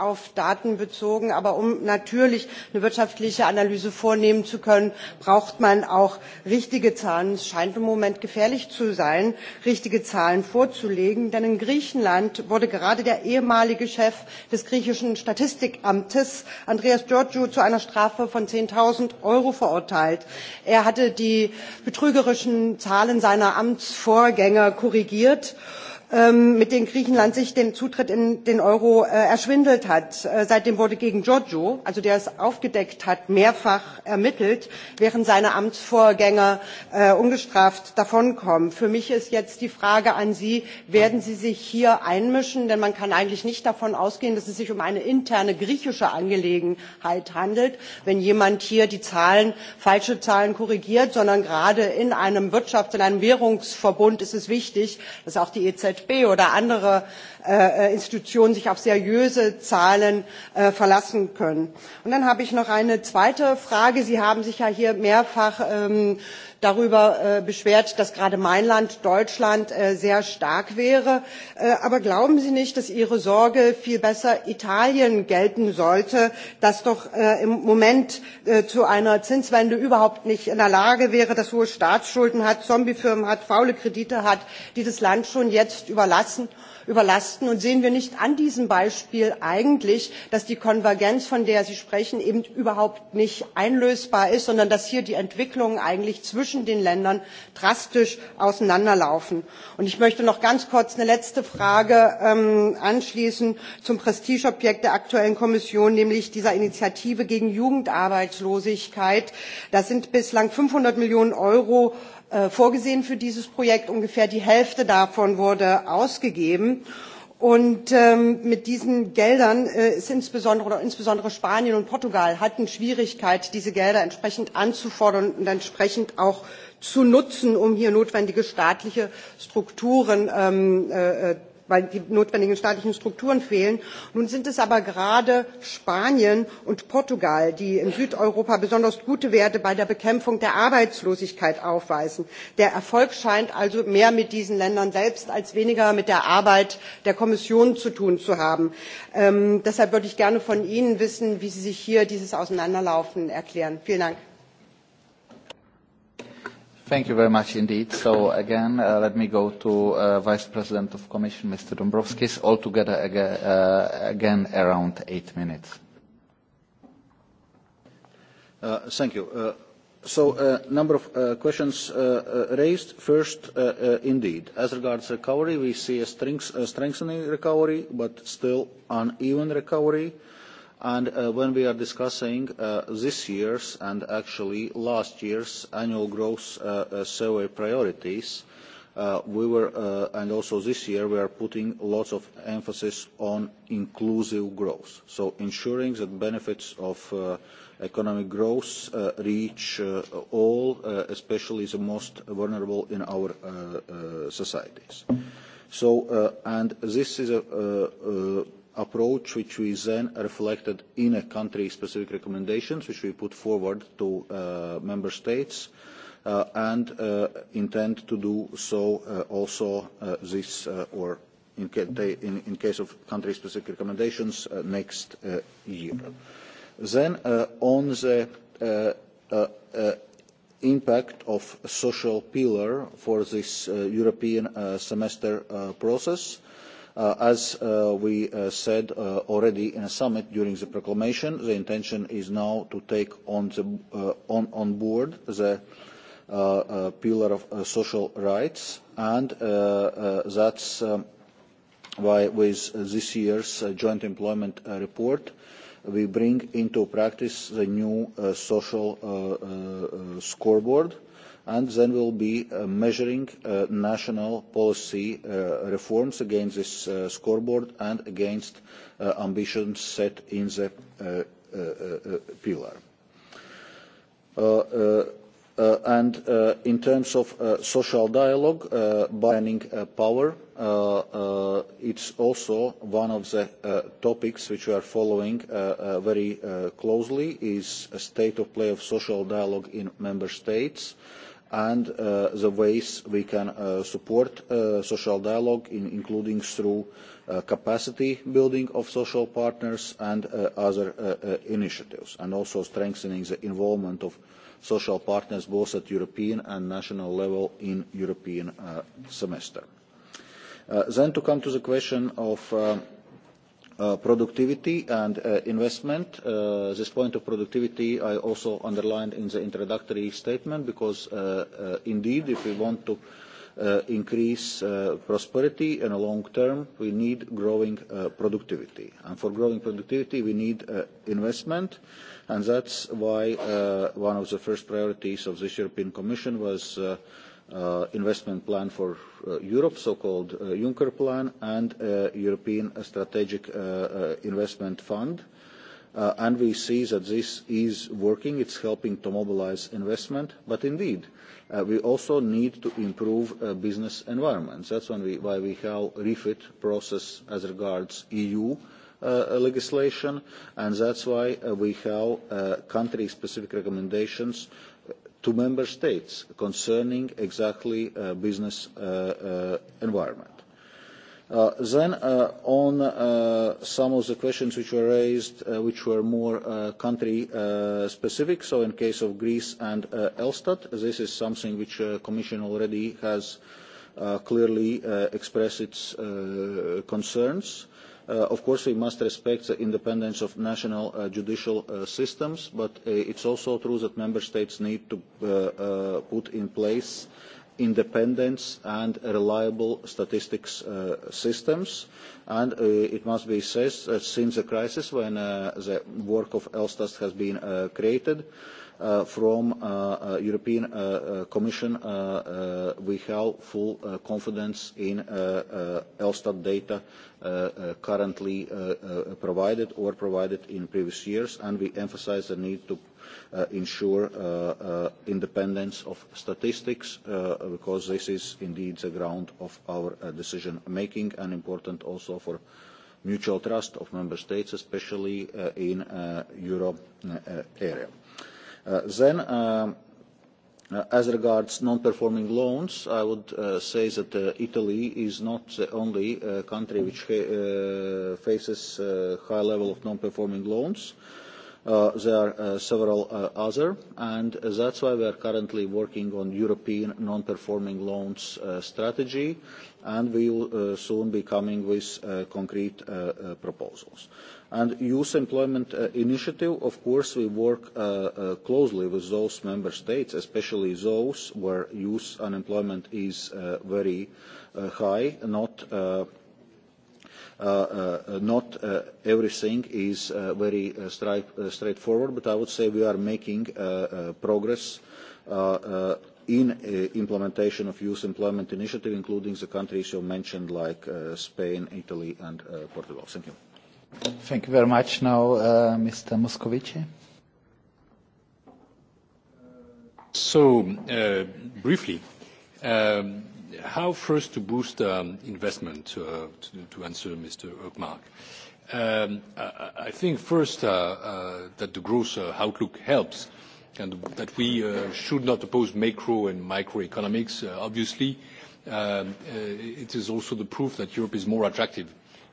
[SPEAKER 8] auf daten bezogen aber um natürlich eine wirtschaftliche analyse vornehmen zu können braucht man auch richtige zahlen. es scheint im moment gefährlich zu sein richtige zahlen vorzulegen denn in griechenland wurde gerade der ehemalige chef des griechischen statistikamtes andreas georgiou zu einer strafe von zehn null euro verurteilt. er hatte die betrügerischen zahlen seiner vorgänger korrigiert mit denen Griechenland sich den Zutritt in den Euro erschwindelt hat. Seitdem wurde gegen Giorgio, also der es aufgedeckt hat, mehrfach ermittelt, während seine Amtsvorgänger ungestraft davonkommen. Für mich ist jetzt die Frage an Sie, werden Sie sich hier einmischen? Denn man kann eigentlich nicht davon ausgehen, dass es sich um eine interne griechische Angelegenheit handelt, wenn jemand hier die Zahlen, falsche Zahlen korrigiert, sondern gerade in einem Wirtschafts-, in einem Währungsverbund ist es wichtig, dass auch die EZB ezb oder andere institutionen sich auf seriöse zahlen verlassen können. und dann habe ich noch eine zweite frage sie haben sich ja hier mehrfach darüber beschwert dass gerade mein land deutschland sehr stark wäre aber glauben sie nicht dass ihre sorge viel besser italien gelten sollte das doch im moment zu einer zinswende überhaupt nicht in der lage wäre das hohe staatsschulden hat zombiefirmen hat faule kredite hat die das land schon jetzt überlasten? überlasten? Und sehen wir nicht an diesem Beispiel eigentlich, dass die Konvergenz, von der Sie sprechen, eben überhaupt nicht einlösbar ist, sondern dass hier die Entwicklungen eigentlich zwischen den Ländern drastisch auseinanderlaufen? Und ich möchte noch ganz kurz eine letzte Frage anschließen zum Prestigeobjekt der aktuellen Kommission, nämlich dieser Initiative gegen Jugendarbeitslosigkeit. Da sind bislang 500 Millionen Euro vorgesehen für dieses Projekt. Ungefähr die Hälfte davon wurde ausgegeben. Und mit diesen Geldern ist insbesondere oder insbesondere Spanien und Portugal hatten Schwierigkeit, diese Gelder entsprechend anzufordern und entsprechend auch zu nutzen, um hier notwendige staatliche Strukturen weil die notwendigen staatlichen Strukturen fehlen. Nun sind es aber gerade Spanien und Portugal, die in Südeuropa besonders gute Werte bei der Bekämpfung der Arbeitslosigkeit aufweisen. Der Erfolg scheint also mehr mit diesen Ländern selbst als weniger mit der Arbeit der Kommission zu tun zu haben. deshalb würde ich gerne von Ihnen wissen, wie Sie sich hier dieses Auseinanderlaufen erklären. Vielen Dank.
[SPEAKER 1] Thank you very much indeed. So again, uh, let me go to uh, Vice President of Commission, Mr. Dombrovskis, altogether ag uh, again around eight minutes.
[SPEAKER 2] Uh, thank you. Uh, so a uh, number of uh, questions uh, uh, raised. First, uh, uh, indeed, as regards recovery, we see a strength, a strengthening recovery, but still uneven recovery. Uh, And when we are discussing this year's and actually last year's annual growth survey priorities, we were, and also this year, we are putting lots of emphasis on inclusive growth. So ensuring that benefits of economic growth reach all, especially the most vulnerable in our societies. So, and this is a approach, which we then reflected in a country-specific recommendations, which we put forward to member states, and intend to do so also this or in case of country-specific recommendations next year. Then on the impact of social pillar for this European semester process, as we said already in a summit during the proclamation, the intention is now to take on, board the pillar of social rights, and that is why with this year's joint employment report, we bring into practice the new social scoreboard, and then we will be measuring national policy reforms against this scoreboard and against ambitions set in the pillar. and in terms of social dialogue, binding power, it is also one of the topics which we are following very closely is the state of play of social dialogue in member states. Uh, and the ways we can support social dialogue, including through capacity building of social partners and other initiatives, and also strengthening the involvement of social partners both at European and national level in the European semester. Then to come to the question of productivity and investment. This point of productivity I also underlined in the introductory statement because indeed, if we want to increase prosperity in the long term, we need growing productivity. And for growing productivity, we need investment, and that's why one of the first priorities of this European Commission was investment plan for Europe, so-called Juncker plan, and a European Strategic Investment Fund. and we see that this is working. It's helping to mobilise investment. But indeed, we also need to improve uh, business environments. That's when we, why we have refit process as regards EU legislation, and that's why we have country-specific recommendations to member states concerning exactly uh, business uh, uh, environment. Uh, then uh, on uh, some of the questions which were raised, uh, which were more uh, country uh, specific, so in case of Greece and uh, Elstat, this is something which the uh, Commission already has uh, clearly uh, expressed its uh, concerns of course, we must respect the independence of national judicial systems, but it is also true that member states need to put in place independence and reliable statistics systems. And it must be said that since the crisis when the work of ELSTAS has been created, from the European Commission, we have full confidence in Elstat data currently provided or provided in previous years, and we emphasise the need to ensure independence of statistics because this is indeed the ground of our decision-making and important also for mutual trust of member states, especially in the euro area. Then, as regards non-performing loans, I would say that Italy is not the only country which faces a high level of non-performing loans. There are several other, and that's why we are currently working on European non-performing loans strategy, and we will soon be coming with concrete proposals. And youth employment uh, initiative, of course, we work uh, uh, closely with those member states, especially those where youth unemployment is uh, very uh, high, not uh, not everything is very straightforward, but I would say we are making progress in implementation of youth employment initiative, including the countries you mentioned, like Spain, Italy, and Portugal. Thank you.
[SPEAKER 1] Thank you very much. Now, uh, Mr. Moscovici.
[SPEAKER 3] So, uh, briefly, um, how first to boost um, investment, uh, to, to answer Mr. Ockmark? Um, I, I think first uh, uh, that the growth uh, outlook helps and that we uh, should not oppose macro and microeconomics. Uh, obviously, uh, uh, it is also the proof that Europe is more attractive.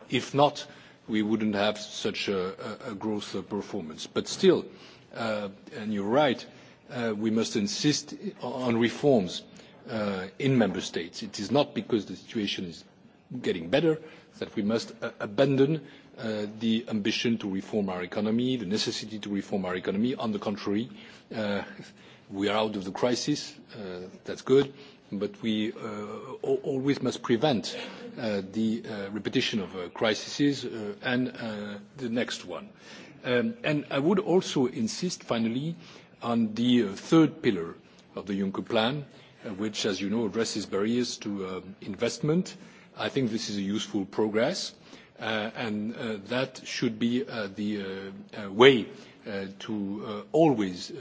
[SPEAKER 3] If not, uh, we wouldn't have such a growth performance. But still, and you're right, we must insist on reforms in member states. It is not because the situation is getting better that we must abandon the ambition to reform our economy, the necessity to reform our economy. On the contrary, we are out of the crisis. That's good. But we always must prevent the repetition of crises and the next one. And I would also insist, finally, on the third pillar of the Juncker Plan, which, as you know, addresses barriers to investment. I think this is a useful progress, and that should be the way to always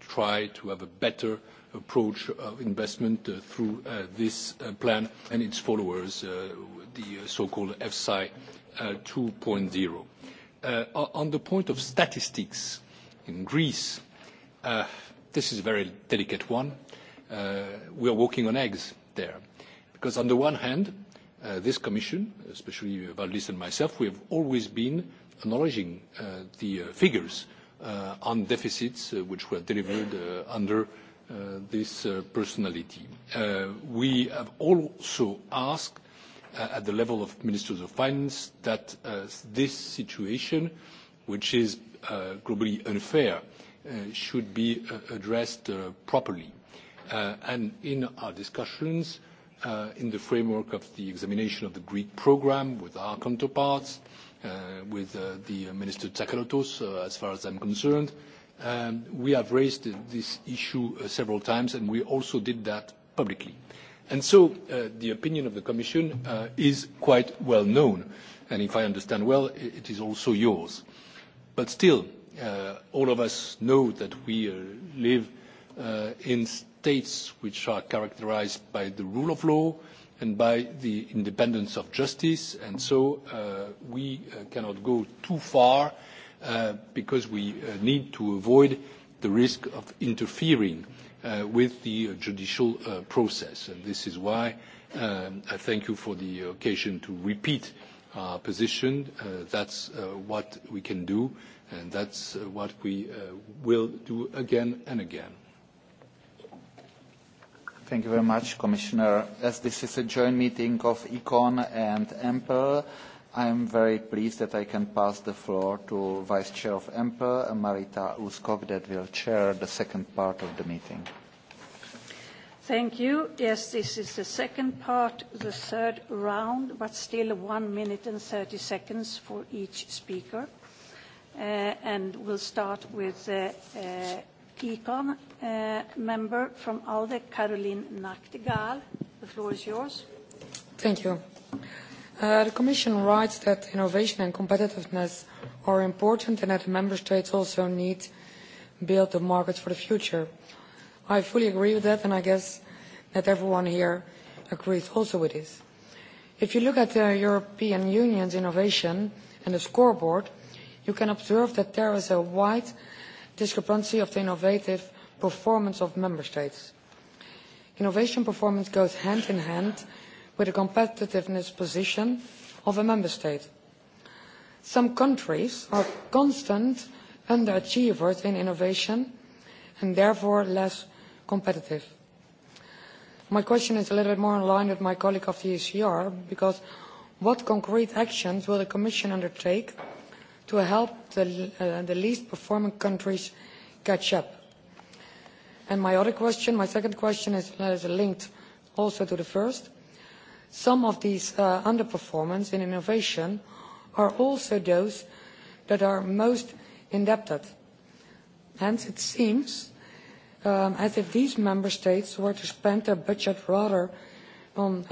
[SPEAKER 3] try to have a better approach of investment through this plan and its followers, the so-called FSI 2.0. On the point of statistics in Greece, this is a very delicate one. We are walking on eggs there because on the one hand, this commission, especially Valdis and myself, we have always been acknowledging the figures on deficits which were delivered under this personality. We have also asked at the level of ministers of finance that this situation, which is globally unfair, should be addressed properly. And in our discussions, in the framework of the examination of the Greek programme with our counterparts, with the Minister Tsakalotos, as far as I'm concerned, We have raised this issue several times, and we also did that publicly. And so the opinion of the Commission is quite well known, and if I understand well, it is also yours. But still, all of us know that we live in states which are characterized by the rule of law and by the independence of justice, and so we cannot go too far because we need to avoid the risk of interfering with the judicial process. This is why I thank you for the occasion to repeat our position. That's what we can do, and that's what we will do again and again. Thank you very much, Commissioner. As this
[SPEAKER 1] is a joint meeting of Econ and Ample, I am very pleased that I can pass the floor to Vice Chair of EMPL, Marita Ulskog, that will chair the second part of the meeting.
[SPEAKER 9] Thank you. Yes, this is the second part, the third round, but still one minute and 30 seconds for each speaker. And we'll start with the Econ member from ALDE, Caroline Nachtigall. The floor is yours.
[SPEAKER 10] Thank you the Commission writes that innovation and competitiveness are important and that the Member States also need to build the markets for the future. I fully agree with that, and I guess that everyone here agrees also with this. If you look at the European Union's innovation and the scoreboard, you can observe that there is a wide discrepancy of the innovative performance of member states. Innovation performance goes hand in hand with the competitiveness position of a member state. Some countries are constant underachievers in innovation and therefore less competitive. My question is a little bit more in line with my colleague of the ECR because what concrete actions will the Commission undertake to help the, uh, the least performing countries catch up? And my other question, my second question is, is linked also to the first. Some of these underperformers in innovation are also those that are most indebted. Hence, it seems as if these member states were to spend their budget rather on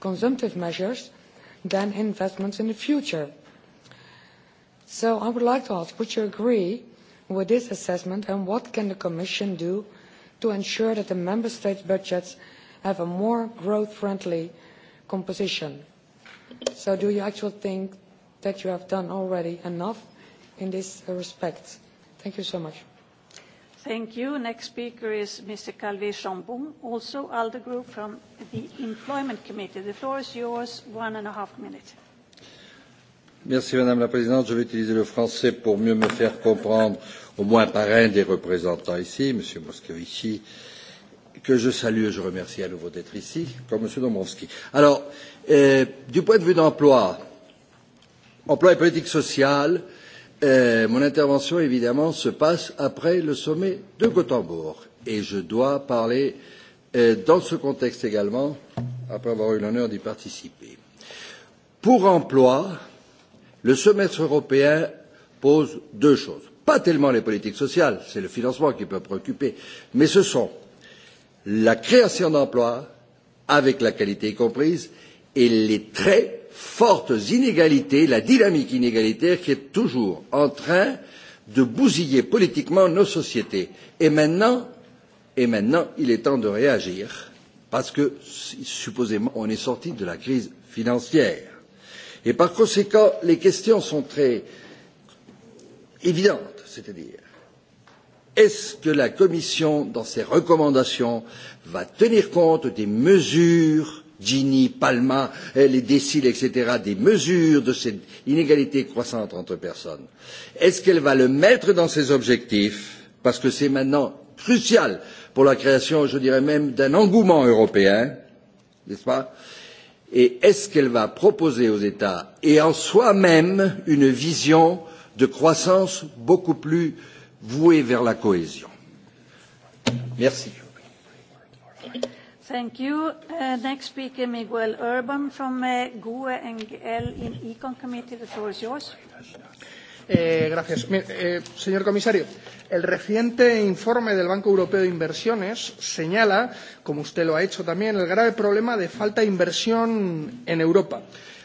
[SPEAKER 10] consumptive measures than investments in the future. So I would like to ask, would you agree with this assessment, and what can the Commission do to ensure that the member states' budgets have a more growth-friendly composition. So do you actually think that you have done already enough in this respect? Thank you so much.
[SPEAKER 9] Thank you. Next speaker is Mr. Calvé Chambon, also ALDE Group from the Employment Committee. The floor is yours, one and a half
[SPEAKER 11] Merci Madame la Présidente. Je vais utiliser le français pour mieux me faire comprendre, au moins par un des représentants ici, Monsieur Moscovici, euh, que je salue et je remercie à nouveau d'être ici, comme M. Dombrovski. Alors, euh, du point de vue d'emploi, emploi et politique sociale, euh, mon intervention évidemment se passe après le sommet de Gothenburg. Et je dois parler euh, dans ce contexte également, après avoir eu l'honneur d'y participer. Pour emploi, le semestre européen pose deux choses. Pas tellement les politiques sociales, c'est le financement qui peut préoccuper, mais ce sont la création d'emplois avec la qualité y comprise et les très fortes inégalités, la dynamique inégalitaire qui est toujours en train de bousiller politiquement nos sociétés. Et maintenant, et maintenant il est temps de réagir parce que supposément on est sorti de la crise financière. Et par conséquent, les questions sont très évidentes, c'est-à-dire Est-ce que la Commission, dans ses recommandations, va tenir compte des mesures Gini, Palma, les déciles, etc., des mesures de cette inégalité croissante entre personnes Est-ce qu'elle va le mettre dans ses objectifs Parce que c'est maintenant crucial pour la création, je dirais même, d'un engouement européen, n'est-ce pas Et est-ce qu'elle va proposer aux États, et en soi-même, une vision de croissance beaucoup plus voué vers la cohésion. Merci.
[SPEAKER 9] Thank you. Uh, next speaker, Miguel Urban from uh, GUE NGL in Econ Committee. The floor is yours.
[SPEAKER 12] Eh, gracias. Eh, señor comisario, el reciente informe del Banco Europeo de Inversiones señala, como usted lo ha hecho también, el grave problema de falta de inversión en Europa.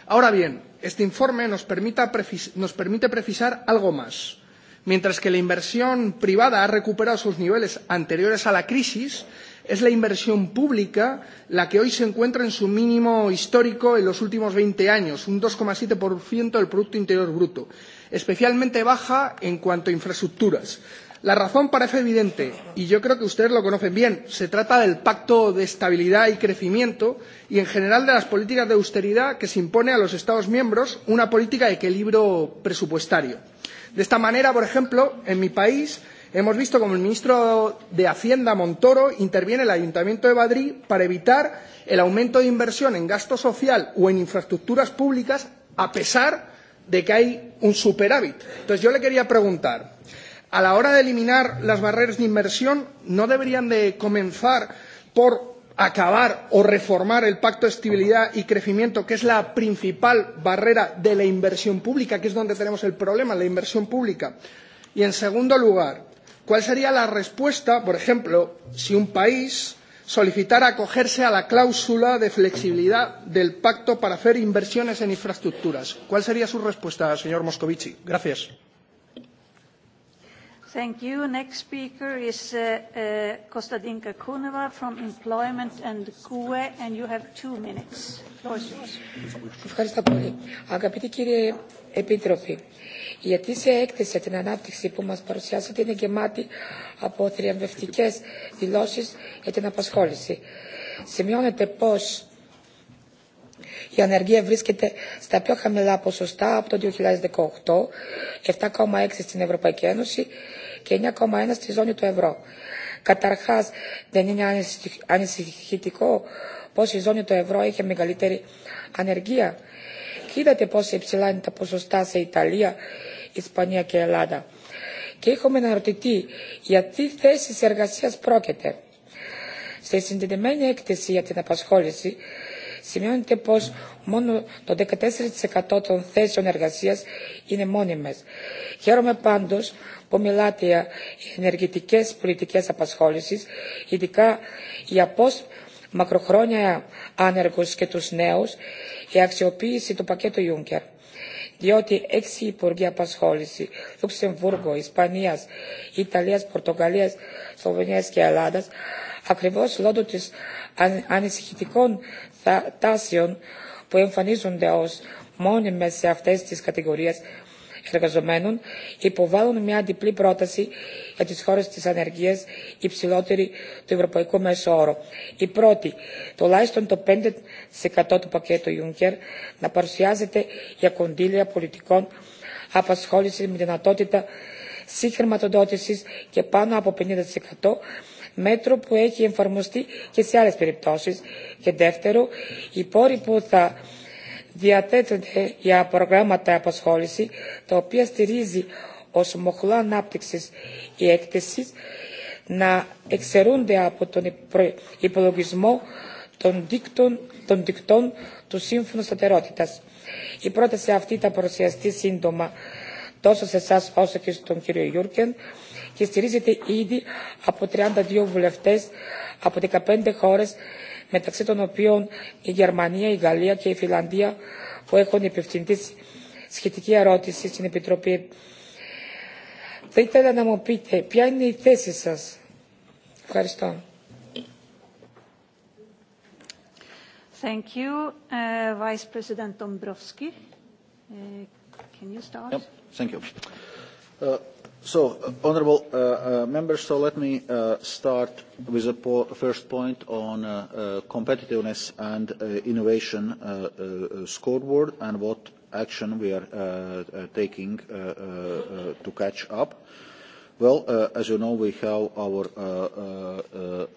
[SPEAKER 12] Ahora bien, este informe nos, permite precisar algo más Mientras que la inversión privada ha recuperado sus niveles anteriores a la crisis, es la inversión pública la que hoy se encuentra en su mínimo histórico en los últimos veinte años, un dos siete del Producto Interior Bruto, especialmente baja en cuanto a infraestructuras. La razón parece evidente, y yo creo que ustedes lo conocen bien. Se trata del Pacto de Estabilidad y Crecimiento y, en general, de las políticas de austeridad que se impone a los Estados miembros una política de equilibrio presupuestario. De esta manera, por ejemplo, en mi país hemos visto como el ministro de Hacienda, Montoro, interviene el Ayuntamiento de Madrid para evitar el aumento de inversión en gasto social o en infraestructuras públicas a pesar de que hay un superávit. Entonces yo le quería preguntar, a la hora de eliminar las barreras de inversión, ¿no deberían de comenzar por acabar o reformar el pacto de estabilidad y crecimiento, que es la principal barrera de la inversión pública, que es donde tenemos el problema, la inversión pública. Y en segundo lugar, ¿cuál sería la respuesta, por ejemplo, si un país solicitara acogerse a la cláusula de flexibilidad del pacto para hacer inversiones en infraestructuras? ¿Cuál sería su respuesta, señor Moscovici? Gracias.
[SPEAKER 9] Thank you. Next speaker is Kostadinka Kuneva from Employment and CUE, and you have two
[SPEAKER 13] minutes. Floor is yours. Ευχαριστώ πολύ. Αγαπητοί κύριε Επίτροποι, η ετήσια έκθεση για την ανάπτυξη που μας παρουσιάσατε είναι γεμάτη από θριαμβευτικές δηλώσεις για την απασχόληση. Σημειώνεται πως η ανεργία βρίσκεται στα πιο χαμηλά ποσοστά από το 2018, 7,6 στην Ευρωπαϊκή Ένωση και 9,1 στη ζώνη του ευρώ. Καταρχά δεν είναι ανησυχητικό πω η ζώνη του ευρώ είχε μεγαλύτερη ανεργία. Κοίτατε πόσο υψηλά είναι τα ποσοστά σε Ιταλία, Ισπανία και Ελλάδα. Και έχουμε να ρωτηθεί για τι θέσεις εργασίας πρόκειται. Στη συντηρημένη έκθεση για την απασχόληση σημειώνεται πω μόνο το 14% των θέσεων εργασία είναι μόνιμε. Χαίρομαι πάντως που μιλάτε για ενεργητικές πολιτικές απασχόλησης, ειδικά για πώς μακροχρόνια άνεργους και τους νέους, η αξιοποίηση του πακέτου Juncker διότι έξι υπουργοί απασχόληση Λουξεμβούργο, Ισπανία, Ιταλία, Πορτογαλία, Σλοβενία και Ελλάδα, ακριβώ λόγω τη ανησυχητικών τάσεων που εμφανίζονται ω μόνιμε σε αυτέ τι κατηγορίε εργαζομένων υποβάλλουν μια διπλή πρόταση για τι χώρε τη ανεργία υψηλότερη του ευρωπαϊκού μέσου όρου. Η πρώτη, τουλάχιστον το 5% του πακέτου Juncker να παρουσιάζεται για κονδύλια πολιτικών απασχόληση, με δυνατότητα συγχρηματοδότησης και πάνω από 50% μέτρο που έχει εφαρμοστεί και σε άλλες περιπτώσεις. Και δεύτερο, οι πόροι που θα διαθέτονται για προγράμματα απασχόληση τα οποία στηρίζει ω μοχλό ανάπτυξη η έκθεση να εξαιρούνται από τον υπολογισμό των δίκτων, των δικτών του Σύμφωνου Σταθερότητα. Η πρόταση αυτή θα παρουσιαστεί σύντομα τόσο σε εσά όσο και στον κύριο Γιούρκεν και στηρίζεται ήδη από 32 βουλευτές από 15 χώρες μεταξύ των οποίων η Γερμανία, η Γαλλία και η Φιλανδία που έχουν υπευθυνθεί σχετική ερώτηση στην Επιτροπή. Θα ήθελα να μου πείτε ποια είναι η θέση σας. Ευχαριστώ. Thank
[SPEAKER 9] you. Uh, Vice President Dombrovski, uh, can you start? Yep.
[SPEAKER 2] Thank you. Uh, So, honourable uh, uh, members, so let me uh, start with the po first point on uh, uh, competitiveness and uh, innovation uh, uh, scoreboard and what action we are uh, uh, taking uh, uh, to catch up. Well, uh, as you know, we have our uh, uh,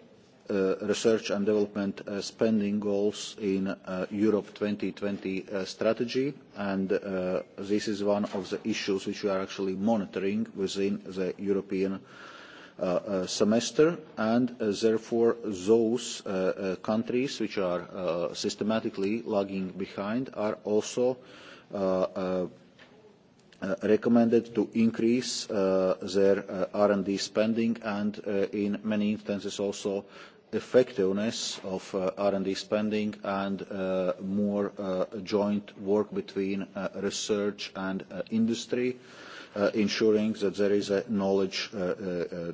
[SPEAKER 2] research and development spending goals in uh, Europe twenty strategy, and this is one of the issues which we are actually monitoring within the European semester, and therefore those countries which are systematically lagging behind are also recommended to increase their R&D spending and in many instances also effectiveness of R&D spending and more joint work between research and industry, ensuring that there is a knowledge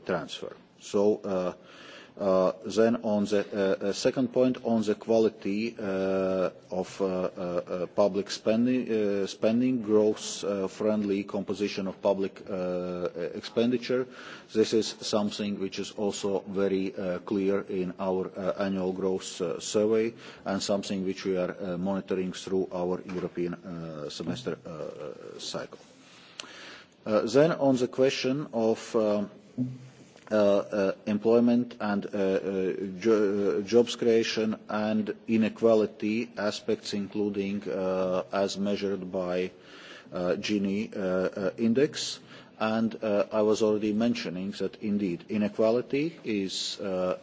[SPEAKER 2] transfer. So Then on the second point, on the quality of public spending, growth-friendly composition of public expenditure, this is something which is also very clear in our annual growth survey and something which we are monitoring through our European semester cycle. Then on the question of employment and jobs creation and inequality aspects, including as measured by Gini index. And I was already mentioning that indeed inequality is an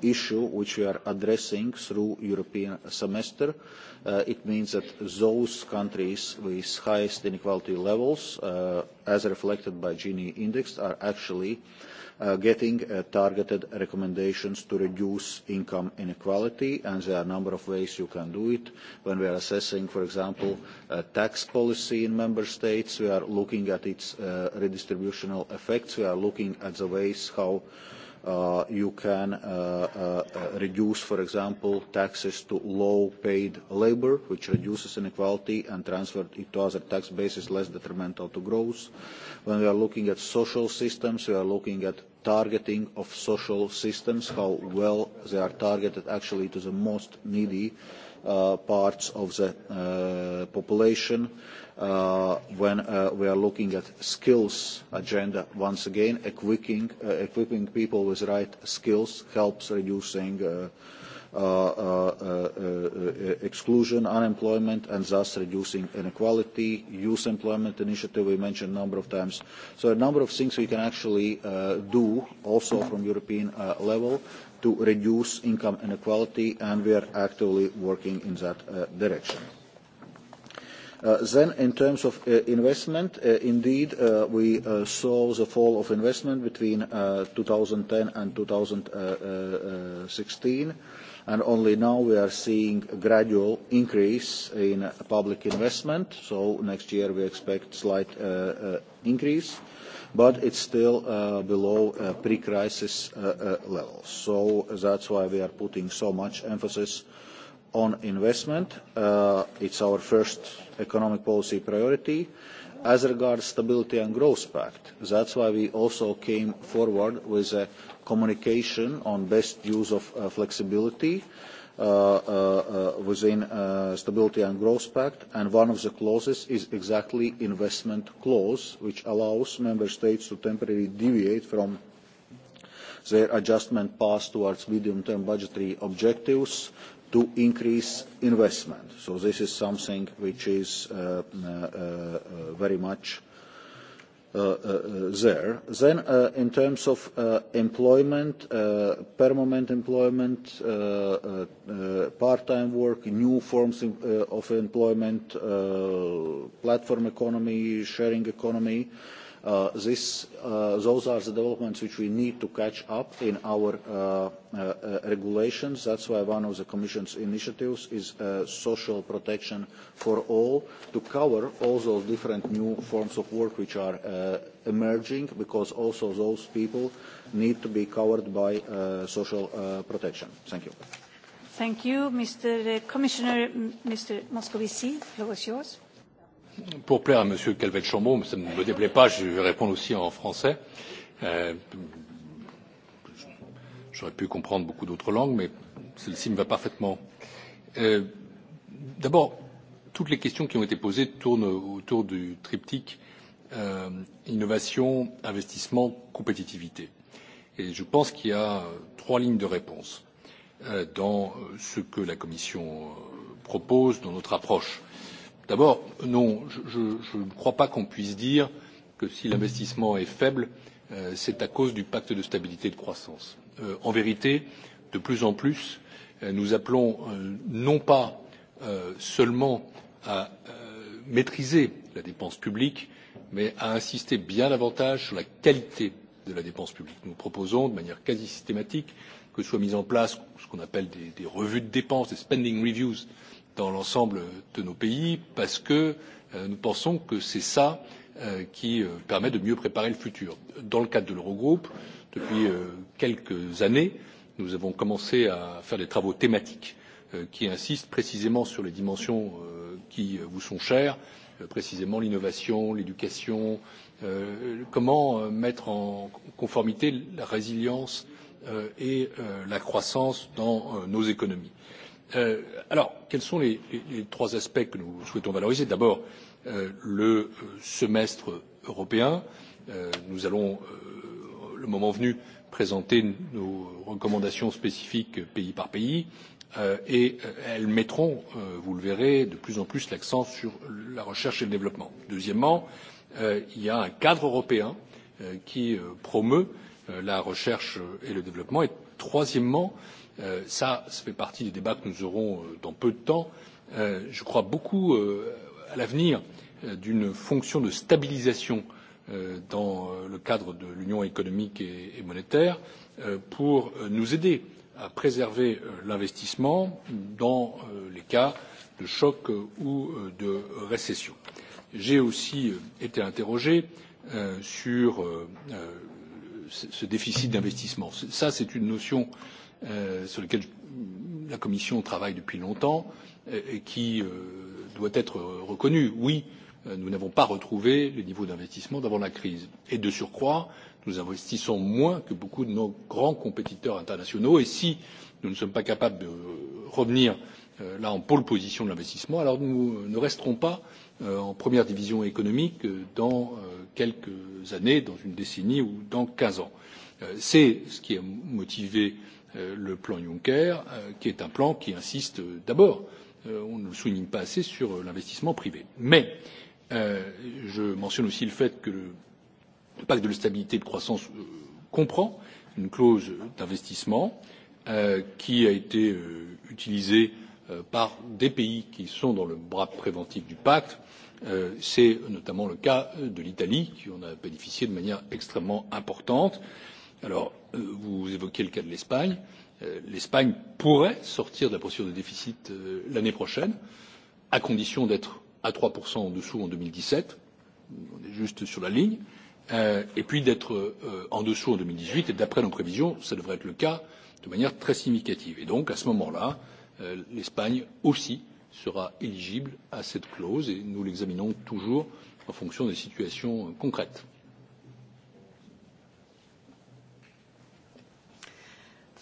[SPEAKER 2] issue which we are addressing through the European semester. it means that those countries with highest inequality levels, as reflected by Gini index, are actually uh, getting targeted recommendations to reduce income inequality, and there are a number of ways you can do it. When we are assessing, for example, tax policy in member states, we are looking at its redistributional effects. We are looking at the ways how you can reduce, for example, taxes to low-paid labour, which reduces inequality and transfer it to other tax bases less detrimental to growth. When we are looking at social systems, we are looking at targeting of social systems, how well they are targeted actually to the most needy parts of the population when we are looking at skills agenda once again equipping people with the right skills helps reducing exclusion, unemployment, and thus reducing inequality, youth employment initiative we mentioned a number of times. So a number of things we can actually do also from European level to reduce income inequality, and we are actively working in that direction. Then in terms of investment, indeed, we saw the fall of investment between 2010 and 2016, and only now we are seeing a gradual increase in public investment. So next year, we expect slight increase, but it's still below pre-crisis levels. So that's why we are putting so much emphasis on on investment, it is our first economic policy priority. As regards stability and growth pact, that is why we also came forward with a communication on best use of flexibility within the Stability and Growth Pact, and one of the clauses is exactly investment clause, which allows member states to temporarily deviate from their adjustment path towards medium-term budgetary objectives to increase investment. So this is something which is very much there. Then in terms of employment, permanent employment, part-time work, new forms of employment, platform economy, sharing economy, those are the developments which we need to catch up in our regulations. That is why one of the Commission's initiatives is social protection for all to cover all those different new forms of work which are emerging because also those people need to be covered
[SPEAKER 3] by social protection. Thank you.
[SPEAKER 9] Thank you, Mr. Commissioner. Mr. Moscovici, the floor is yours
[SPEAKER 3] pour plaire à m. calvet chambon mais ça ne me déplaît pas je vais répondre aussi en français j'aurais pu comprendre beaucoup d'autres langues mais celle ci me va parfaitement. d'abord toutes les questions qui ont été posées tournent autour du triptyque innovation investissement compétitivité et je pense qu'il y a trois lignes de réponse dans ce que la commission propose dans notre approche d'abord non je ne crois pas qu'on puisse dire que si l'investissement est faible c'est à cause du pacte de stabilité et de croissance. en vérité de plus en plus nous appelons non pas seulement à maîtriser la dépense publique mais à insister bien davantage sur la qualité de la dépense publique. nous proposons de manière quasi systématique que soient mises en place ce qu'on appelle des revues de dépenses des spending reviews dans l'ensemble de nos pays parce que nous pensons que c'est cela qui permet de mieux préparer le futur. dans le cadre de l'eurogroupe depuis quelques années nous avons commencé à faire des travaux thématiques qui insistent précisément sur les dimensions qui vous sont chères précisément l'innovation l'éducation comment mettre en conformité la résilience et la croissance dans nos économies alors quels sont les trois aspects que nous souhaitons valoriser? d'abord le semestre européen nous allons le moment venu présenter nos recommandations spécifiques pays par pays et elles mettront vous le verrez de plus en plus l'accent sur la recherche et le développement. deuxièmement il y a un cadre européen qui promeut la recherche et le développement troisièmement cela fait partie des débats que nous aurons dans peu de temps je crois beaucoup à l'avenir d'une fonction de stabilisation dans le cadre de l'union économique et monétaire pour nous aider à préserver l'investissement dans les cas de choc ou de récession. j'ai aussi été interrogé sur ce déficit d'investissement. Ça, c'est une notion sur laquelle la Commission travaille depuis longtemps et qui doit être reconnue. Oui, nous n'avons pas retrouvé les niveaux d'investissement d'avant la crise et de surcroît nous investissons moins que beaucoup de nos grands compétiteurs internationaux et si nous ne sommes pas capables de revenir là en pôle position de l'investissement alors nous ne resterons pas en première division économique dans quelques années dans une décennie ou dans quinze ans. c'est ce qui a motivé le plan juncker qui est un plan qui insiste d'abord on ne le souligne pas assez sur l'investissement privé. mais je mentionne aussi le fait que le pacte de stabilité et de croissance comprend une clause d'investissement qui a été utilisée par des pays qui sont dans le bras préventif du pacte c'est notamment le cas de l'italie qui en a bénéficié de manière extrêmement importante. vous évoquez le cas de l'espagne l'espagne pourrait sortir de la procédure de déficit l'année prochaine à condition d'être à trois en dessous en deux mille dix sept on est juste sur la ligne et puis d'être en dessous en deux mille dix huit et d'après nos prévisions cela devrait être le cas de manière très significative. et donc à ce moment là l'espagne aussi sera éligible à cette clause et nous l'examinons toujours en fonction des situations concrètes.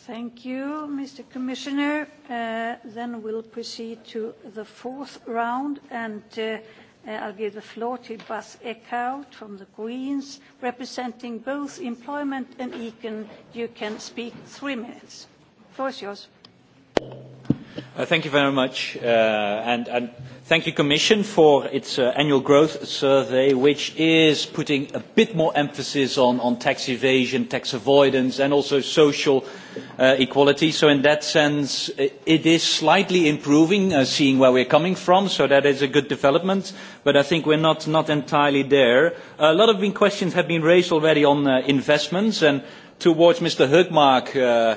[SPEAKER 9] Thank you, Mr. Commissioner. Then we'll proceed to the fourth round, and I'll give the floor to Bas Eckhout from the Greens, representing both employment and Econ. You can speak three minutes. Floor is yours.
[SPEAKER 14] Uh, thank you very much, uh, and, and thank you, Commission, for its uh, annual growth survey, which is putting a bit more emphasis on, on tax evasion, tax avoidance, and also social uh, equality. So in that sense, it, it is slightly improving, uh, seeing where we're coming from, so that is a good development, but I think we're not, not entirely there. A lot of questions have been raised already on uh, investments, and towards Mr. Hugmark, uh,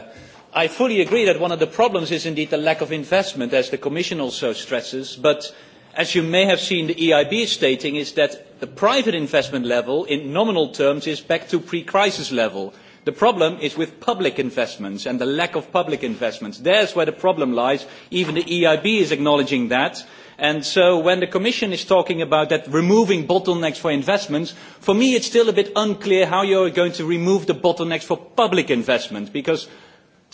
[SPEAKER 14] I fully agree that one of the problems is indeed the lack of investment, as the Commission also stresses, but as you may have seen the EIB is stating, is that the private investment level in nominal terms is back to pre-crisis level. The problem is with public investments and the lack of public investments. There is where the problem lies. Even the EIB is acknowledging that. And so when the Commission is talking about that removing bottlenecks for investments, for me it's still a bit unclear how you are going to remove the bottlenecks for public investment because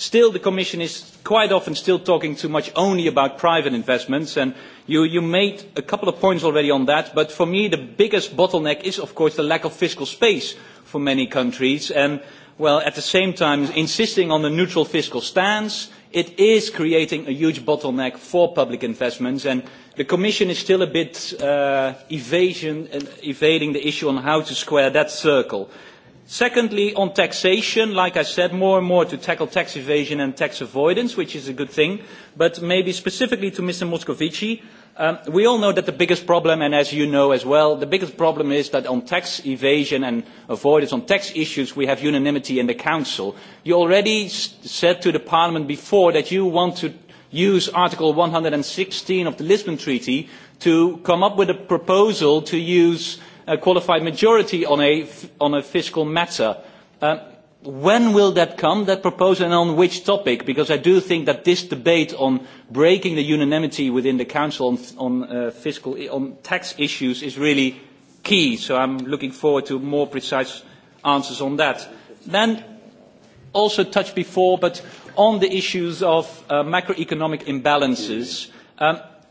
[SPEAKER 14] Still, the Commission is quite often still talking too much only about private investments, and you, you made a couple of points already on that, but for me the biggest bottleneck is, of course, the lack of fiscal space for many countries, and, well, at the same time, insisting on a neutral fiscal stance, it is creating a huge bottleneck for public investments, and the Commission is still a bit uh, evasion, evading the issue on how to square that circle. Secondly, on taxation, like I said, more and more to tackle tax evasion and tax avoidance, which is a good thing. But maybe specifically to Mr. Moscovici, um, we all know that the biggest problem, and as you know as well, the biggest problem is that on tax evasion and avoidance, on tax issues, we have unanimity in the Council. You already said to the Parliament before that you want to use Article one hundred and sixteen of the Lisbon Treaty to come up with a proposal to use a qualified majority on a, on a fiscal matter. when will that come, that proposal, and on which topic? Because I do think that this debate on breaking the unanimity within the Council on, on, fiscal, on tax issues is really key. So I'm looking forward to more precise answers on that. Then also touched before, but on the issues of macroeconomic imbalances,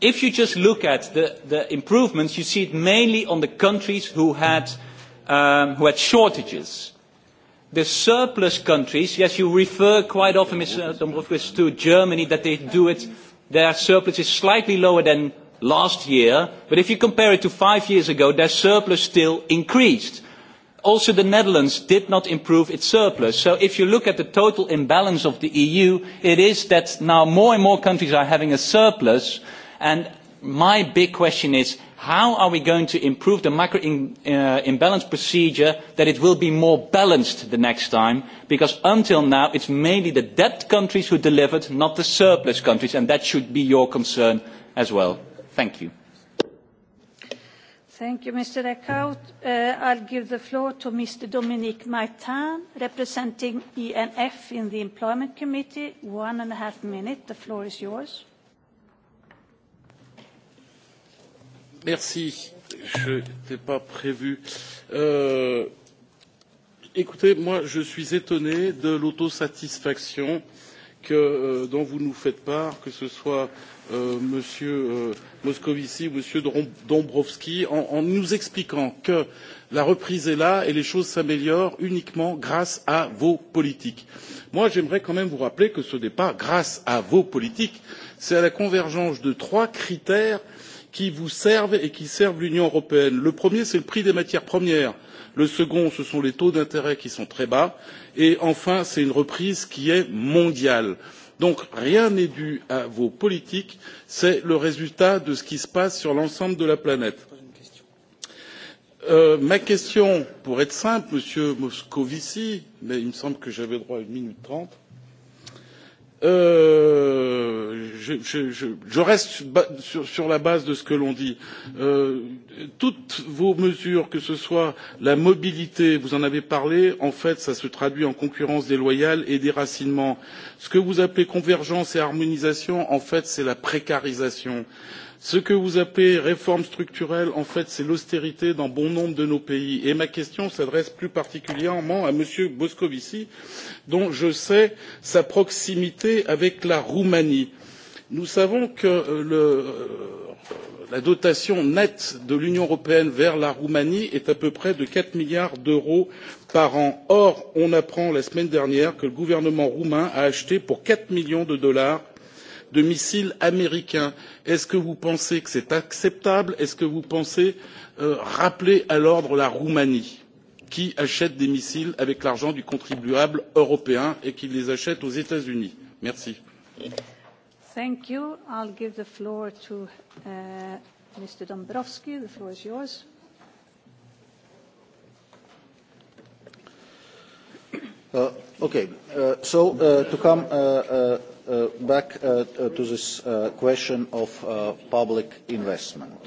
[SPEAKER 14] if you just look at the, the improvements, you see it mainly on the countries who had, um, who had shortages. The surplus countries, yes, you refer quite often, Mr. Dombrovskis, to Germany, that they do it, their surplus is slightly lower than last year, but if you compare it to five years ago, their surplus still increased. Also, the Netherlands did not improve its surplus. So if you look at the total imbalance of the EU, it is that now more and more countries are having a surplus, And my big question is, how are we going to improve the macro in, uh, imbalance procedure that it will be more balanced the next time? Because until now, it's mainly the debt countries who delivered, not the surplus countries, and that should be your concern as well. Thank you.
[SPEAKER 9] Thank you, Mr. Eckhout. Uh, I'll give the floor to Mr. Dominique Maitan, representing ENF in the Employment Committee. One and a half minute. The floor is yours.
[SPEAKER 15] Merci. Je n'étais pas prévu. écoutez, moi, je suis étonné de l'autosatisfaction dont vous nous faites part, que ce soit M. Moscovici ou M. Dombrovskis, en, nous expliquant que la reprise est là et les choses s'améliorent uniquement grâce à vos politiques. Moi, j'aimerais quand même vous rappeler que ce n'est pas grâce à vos politiques, c'est à la convergence de trois critères euh, qui vous servent et qui servent l'union européenne. le premier c'est le prix des matières premières le second ce sont les taux d'intérêt qui sont très bas et enfin c'est une reprise qui est mondiale. donc rien n'est dû à vos politiques c'est le résultat de ce qui se passe sur l'ensemble de la planète. ma question pour être simple monsieur moscovici mais il me semble que j'avais droit à une minute trente je, reste sur, la base de ce que l'on dit. toutes vos mesures, que ce soit la mobilité, vous en avez parlé, en fait, cela se traduit en concurrence déloyale et déracinement. Ce que vous appelez convergence et harmonisation, en fait, c'est la précarisation ce que vous appelez réforme structurelle en fait c'est l'austérité dans bon nombre de nos pays et ma question s'adresse plus particulièrement à m. moscovici dont je sais la proximité avec la roumanie. nous savons que la dotation nette de l'union européenne vers la roumanie est à peu près de quatre milliards d'euros par an. or on apprend la semaine dernière que le gouvernement roumain a acheté pour quatre millions de dollars de missiles américains. est ce que vous pensez que c'est acceptable? est ce que vous pensez rappeler à l'ordre la roumanie qui achète des missiles avec l'argent du contribuable européen et qui les achète aux états unis? merci.
[SPEAKER 2] uh, okay. Uh, so uh, to come uh, back to this question of public investment.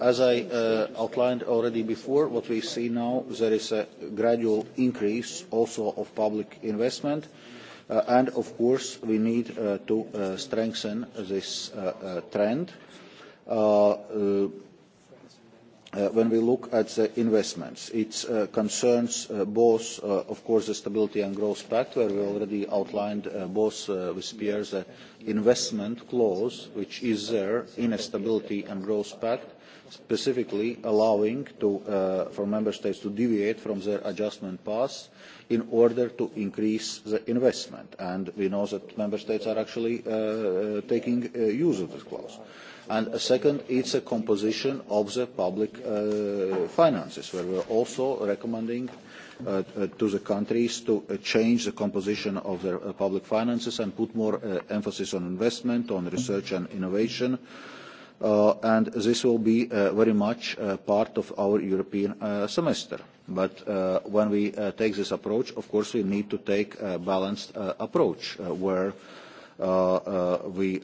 [SPEAKER 2] As I outlined already before, what we see now, there is a gradual increase also of public investment. And of course, we need to strengthen this trend when we look at the investments. It concerns both, of course, the Stability and Growth Pact, where we already outlined both with Pierre the investment clause, which is there in a Stability and Growth Pact, specifically allowing for member states to deviate from their adjustment path in order to increase the investment. And we know that member states are actually taking use of this clause And second, it's a composition of the public finances, where we're also recommending to the countries to change the composition of their public finances and put more emphasis on investment, on research and innovation. and this will be very much part of our European semester. But when we take this approach, of course, we need to take a balanced approach where we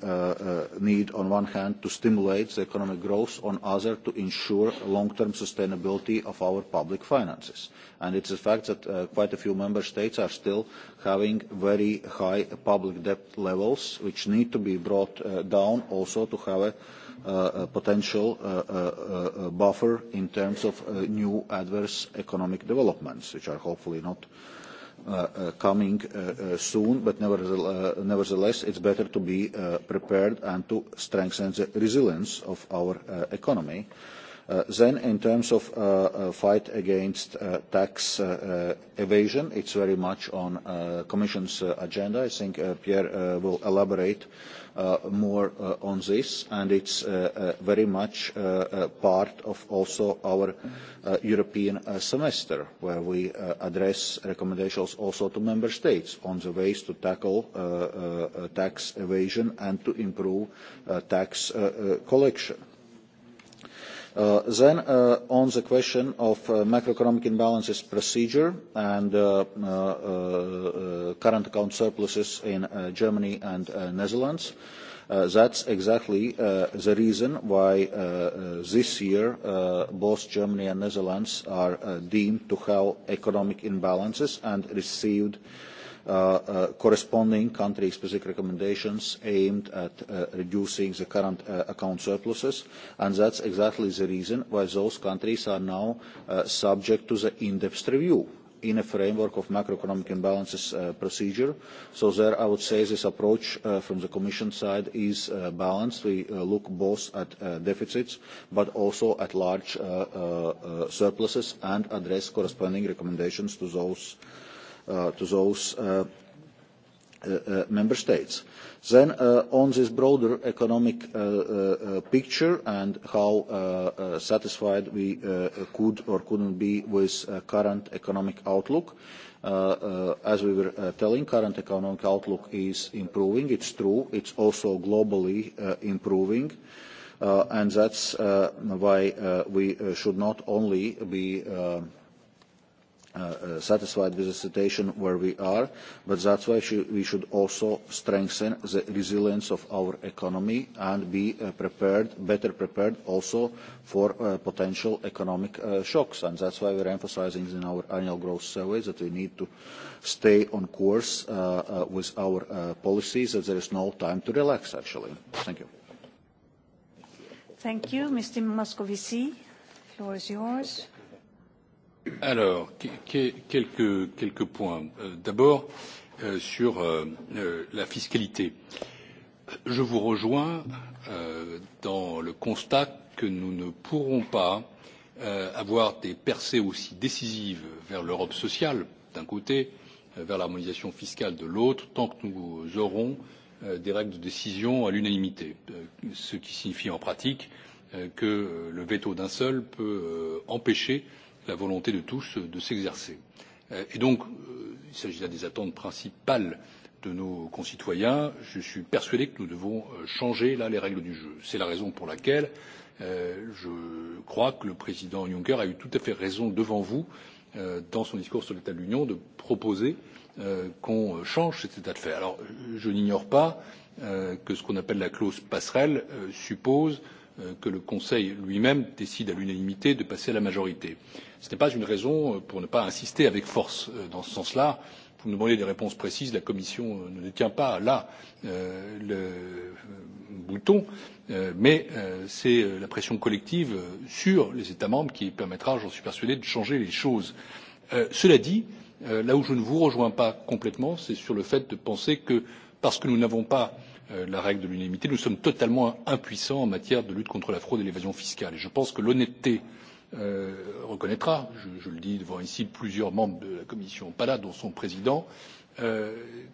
[SPEAKER 2] need, on one hand, to stimulate the economic growth, on the other, to ensure long-term sustainability of our public finances. And it's a fact that quite a few member states are still having very high public debt levels, which need to be brought down also to have a potential buffer in terms of new adverse economic developments, which are hopefully not coming soon, but nevertheless, it's better to be prepared and to strengthen the resilience of our economy. Uh, Then in terms of fight against tax evasion, it's very much on the Commission's agenda. I think Pierre will elaborate more on this, and it's very much part of also our European semester, where we address recommendations also to member states on the ways to tackle tax evasion and to improve tax collection Then on the question of macroeconomic imbalances procedure and current account surpluses in Germany and Netherlands, that's exactly the reason why this year both Germany and Netherlands are deemed to have economic imbalances and received corresponding country-specific recommendations aimed at reducing the current account surpluses, and that is exactly the reason why those countries are now subject to the in-depth review in a framework of macroeconomic imbalances procedure. So there, I would say this approach from the Commission side is balanced. We look both at deficits, but also at large surpluses and address corresponding recommendations to those to those member states. Then on this broader economic picture and how satisfied we could or couldn't be with current economic outlook, as we were telling, current economic outlook is improving. It's true. It's also globally improving. And that's why we should not only be satisfied with the situation where we are, but that's why we should also strengthen the resilience of our economy and be prepared, better prepared also for potential economic shocks. And that's why we're emphasising in our annual growth survey that we need to stay on course with our policies, that there is no time to relax, actually. Thank you.
[SPEAKER 9] Thank you. Mr. Moscovici, floor is yours.
[SPEAKER 3] Alors, quelques, points. D'abord, sur la fiscalité. Je vous rejoins dans le constat que nous ne pourrons pas avoir des percées aussi décisives vers l'Europe sociale, d'un côté, vers l'harmonisation fiscale de l'autre, tant que nous aurons des règles de décision à l'unanimité, ce qui signifie en pratique que le veto d'un seul peut empêcher la volonté de tous de s'exercer. il s'agit là des attentes principales de nos concitoyens. je suis persuadé que nous devons changer là les règles du jeu. c'est la raison pour laquelle je crois que le président juncker a eu tout à fait raison devant vous dans son discours sur l'état de l'union de proposer qu'on change cet état de fait. alors je n'ignore pas que ce qu'on appelle la clause passerelle suppose que le conseil lui même décide à l'unanimité de passer à la majorité. ce n'est pas une raison pour ne pas insister avec force dans ce sens là. vous me demandez des réponses précises la commission ne détient pas là le bouton mais c'est la pression collective sur les états membres qui permettra j'en suis persuadé de changer les choses. cela dit là où je ne vous rejoins pas complètement c'est sur le fait de penser que parce que nous n'avons la règle de l'unanimité nous sommes totalement impuissants en matière de lutte contre la fraude et l'évasion fiscales et je pense que l'honnêteté reconnaîtra je le dis devant ici plusieurs membres de la commission pana dont son président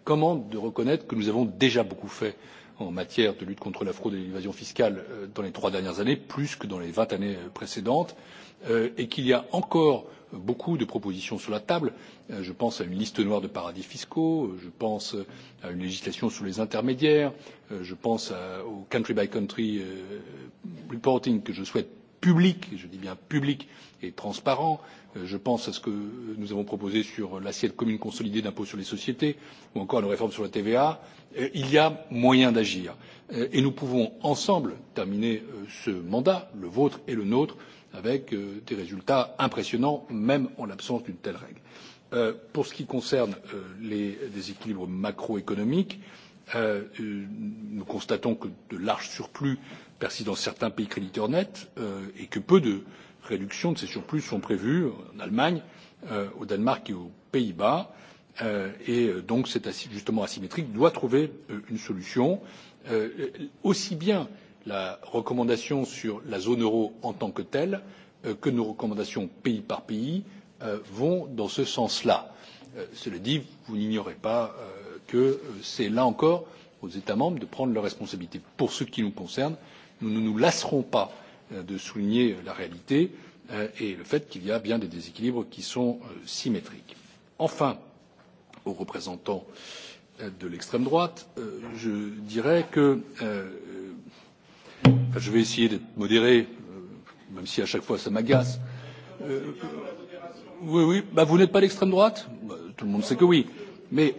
[SPEAKER 3] commande de reconnaître que nous avons déjà beaucoup fait en matière de lutte contre la fraude et l'évasion fiscales dans les trois dernières années plus que dans les vingt années précédentes et qu'il y a encore beaucoup de propositions sur la table je pense à une liste noire de paradis fiscaux je pense à une législation sur les intermédiaires je pense au country by country reporting que je souhaite public je dis bien public et transparent je pense à ce que nous avons proposé sur l'assiette commune consolidée d'impôt sur les sociétés ou encore à nos réformes sur la tva il y a moyen d'agir et nous pouvons ensemble terminer ce mandat le vôtre et le nôtre avec des résultats impressionnants même en l'absence d'une telle règle. pour ce qui concerne les déséquilibres macroéconomiques nous constatons que de larges surplus persistent dans certains pays créditeurs nets et que peu de réductions de ces surplus sont prévues en allemagne au danemark et aux pays bas et donc cet ajustement asymétrique doit trouver une solution aussi bien la recommandation sur la zone euro en tant que telle que nos recommandations pays par pays vont dans ce sens là. cela dit vous n'ignorez pas que c'est là encore aux états membres de prendre leurs responsabilités. pour ce qui nous concerne nous ne nous lasserons pas de souligner la réalité et le fait qu'il y a bien des déséquilibres qui sont symétriques. enfin aux représentants de l'extrême droite je dirais que je vais essayer d'être modéré, même si à chaque fois ça m'agace. oui, oui, bah vous n'êtes pas d'extrême droite Tout le monde sait que oui. Mais.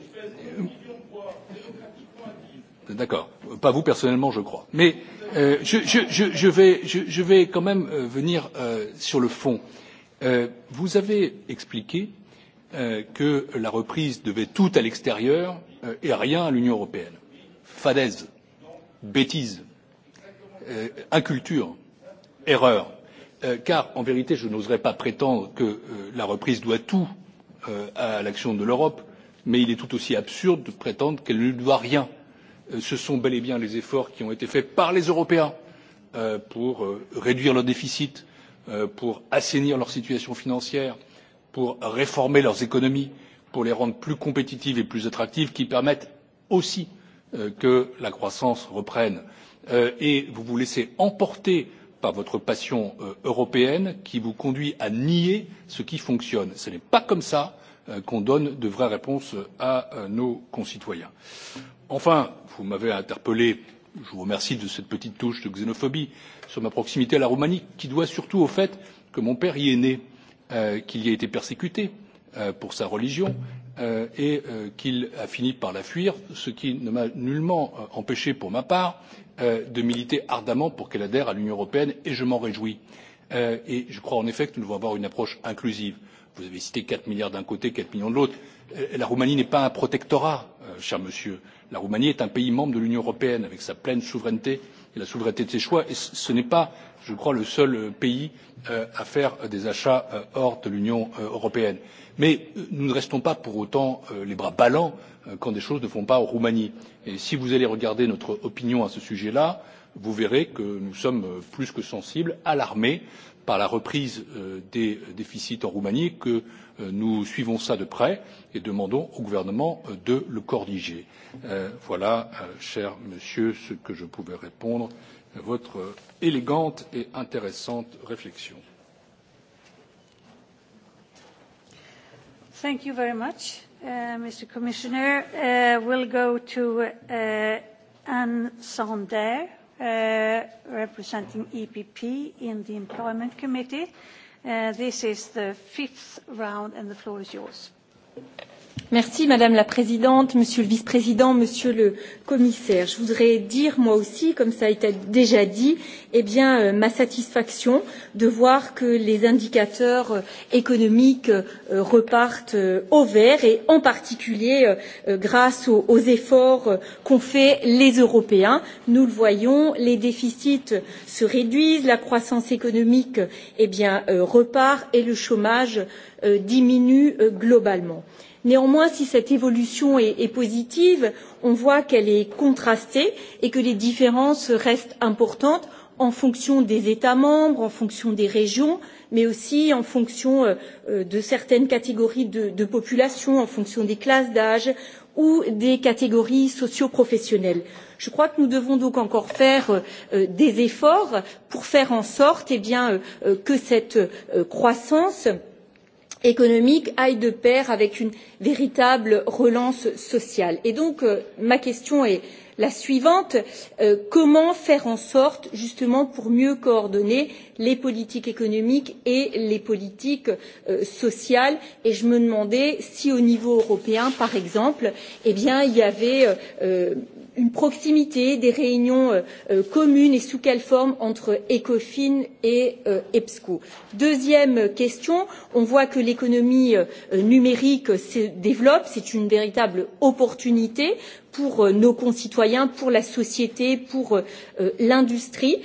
[SPEAKER 3] D'accord. Pas vous personnellement, je crois. Mais euh, je, je, je, je, vais, je, je vais quand même euh, venir euh, sur le fond. Euh, vous avez expliqué euh, que la reprise devait tout à l'extérieur euh, et rien à l'Union européenne. Fadaise. Bêtise inculture erreur car en vérité je n'oserais pas prétendre que la reprise doit tout à l'action de l'europe mais il est tout aussi absurde de prétendre qu'elle ne doit rien. ce sont bel et bien les efforts qui ont été faits par les européens pour réduire leur déficit pour assainir leur situation financière pour réformer leurs économies pour les rendre plus compétitives et plus attractives qui permettent aussi que la croissance reprenne et vous vous laissez emporter par votre passion européenne qui vous conduit à nier ce qui fonctionne. ce n'est pas comme cela qu'on donne de vraies réponses à nos concitoyens. enfin vous m'avez interpellé je vous remercie de cette petite touche de xénophobie sur ma proximité à la roumanie qui doit surtout au fait que mon père y est né qu'il y a été persécuté pour sa religion et qu'il a fini par la fuir ce qui ne m'a nullement empêché pour ma part de militer ardemment pour qu'elle adhère à l'union européenne et je m'en réjouis. je crois en effet que nous devons avoir une approche inclusive. vous avez cité quatre milliards d'un côté quatre millions de l'autre. la roumanie n'est pas un protectorat cher monsieur. la roumanie est un pays membre de l'union européenne avec sa pleine souveraineté et la souveraineté de ses choix et ce n'est pas je crois le seul pays à faire des achats hors de l'union européenne mais nous ne restons pas pour autant les bras ballants quand des choses ne vont pas en roumanie et si vous allez regarder notre opinion à ce sujet là vous verrez que nous sommes plus que sensibles alarmés par la reprise des déficits en roumanie que nous suivons cela de près et demandons au gouvernement de le corriger. voilà cher monsieur ce que je pouvais répondre votre élégante et intéressante réflexion.
[SPEAKER 9] Thank you very much, uh, Mr. Commissioner. Uh, We'll go to uh, Anne Sander, uh, representing EPP in the Employment Committee. Uh, This is the fifth round, and the floor is yours. Thank
[SPEAKER 16] you. Merci Madame la Présidente, Monsieur le Vice-président, Monsieur le Commissaire. Je voudrais dire moi aussi, comme cela a été déjà dit, ma satisfaction de voir que les indicateurs économiques repartent au vert et en particulier grâce aux, efforts qu'ont faits les Européens. Nous le voyons, les déficits se réduisent, la croissance économique repart et le chômage diminue globalement. Néanmoins, si cette évolution est, est positive, on voit qu'elle est contrastée et que les différences restent importantes en fonction des États membres, en fonction des régions, mais aussi en fonction de certaines catégories de, de population, en fonction des classes d'âge ou des catégories socioprofessionnelles. Je crois que nous devons donc encore faire des efforts pour faire en sorte que cette croissance économique aille de pair avec une véritable relance sociale. Et donc, ma question est la suivante comment faire en sorte, justement, pour mieux coordonner les politiques économiques et les politiques sociales Et je me demandais si, au niveau européen, par exemple, il y avait une proximité des réunions communes et sous quelle forme entre ECOFIN et EBSCO. Deuxième question, on voit que l'économie numérique se développe, c'est une véritable opportunité pour nos concitoyens, pour la société, pour l'industrie.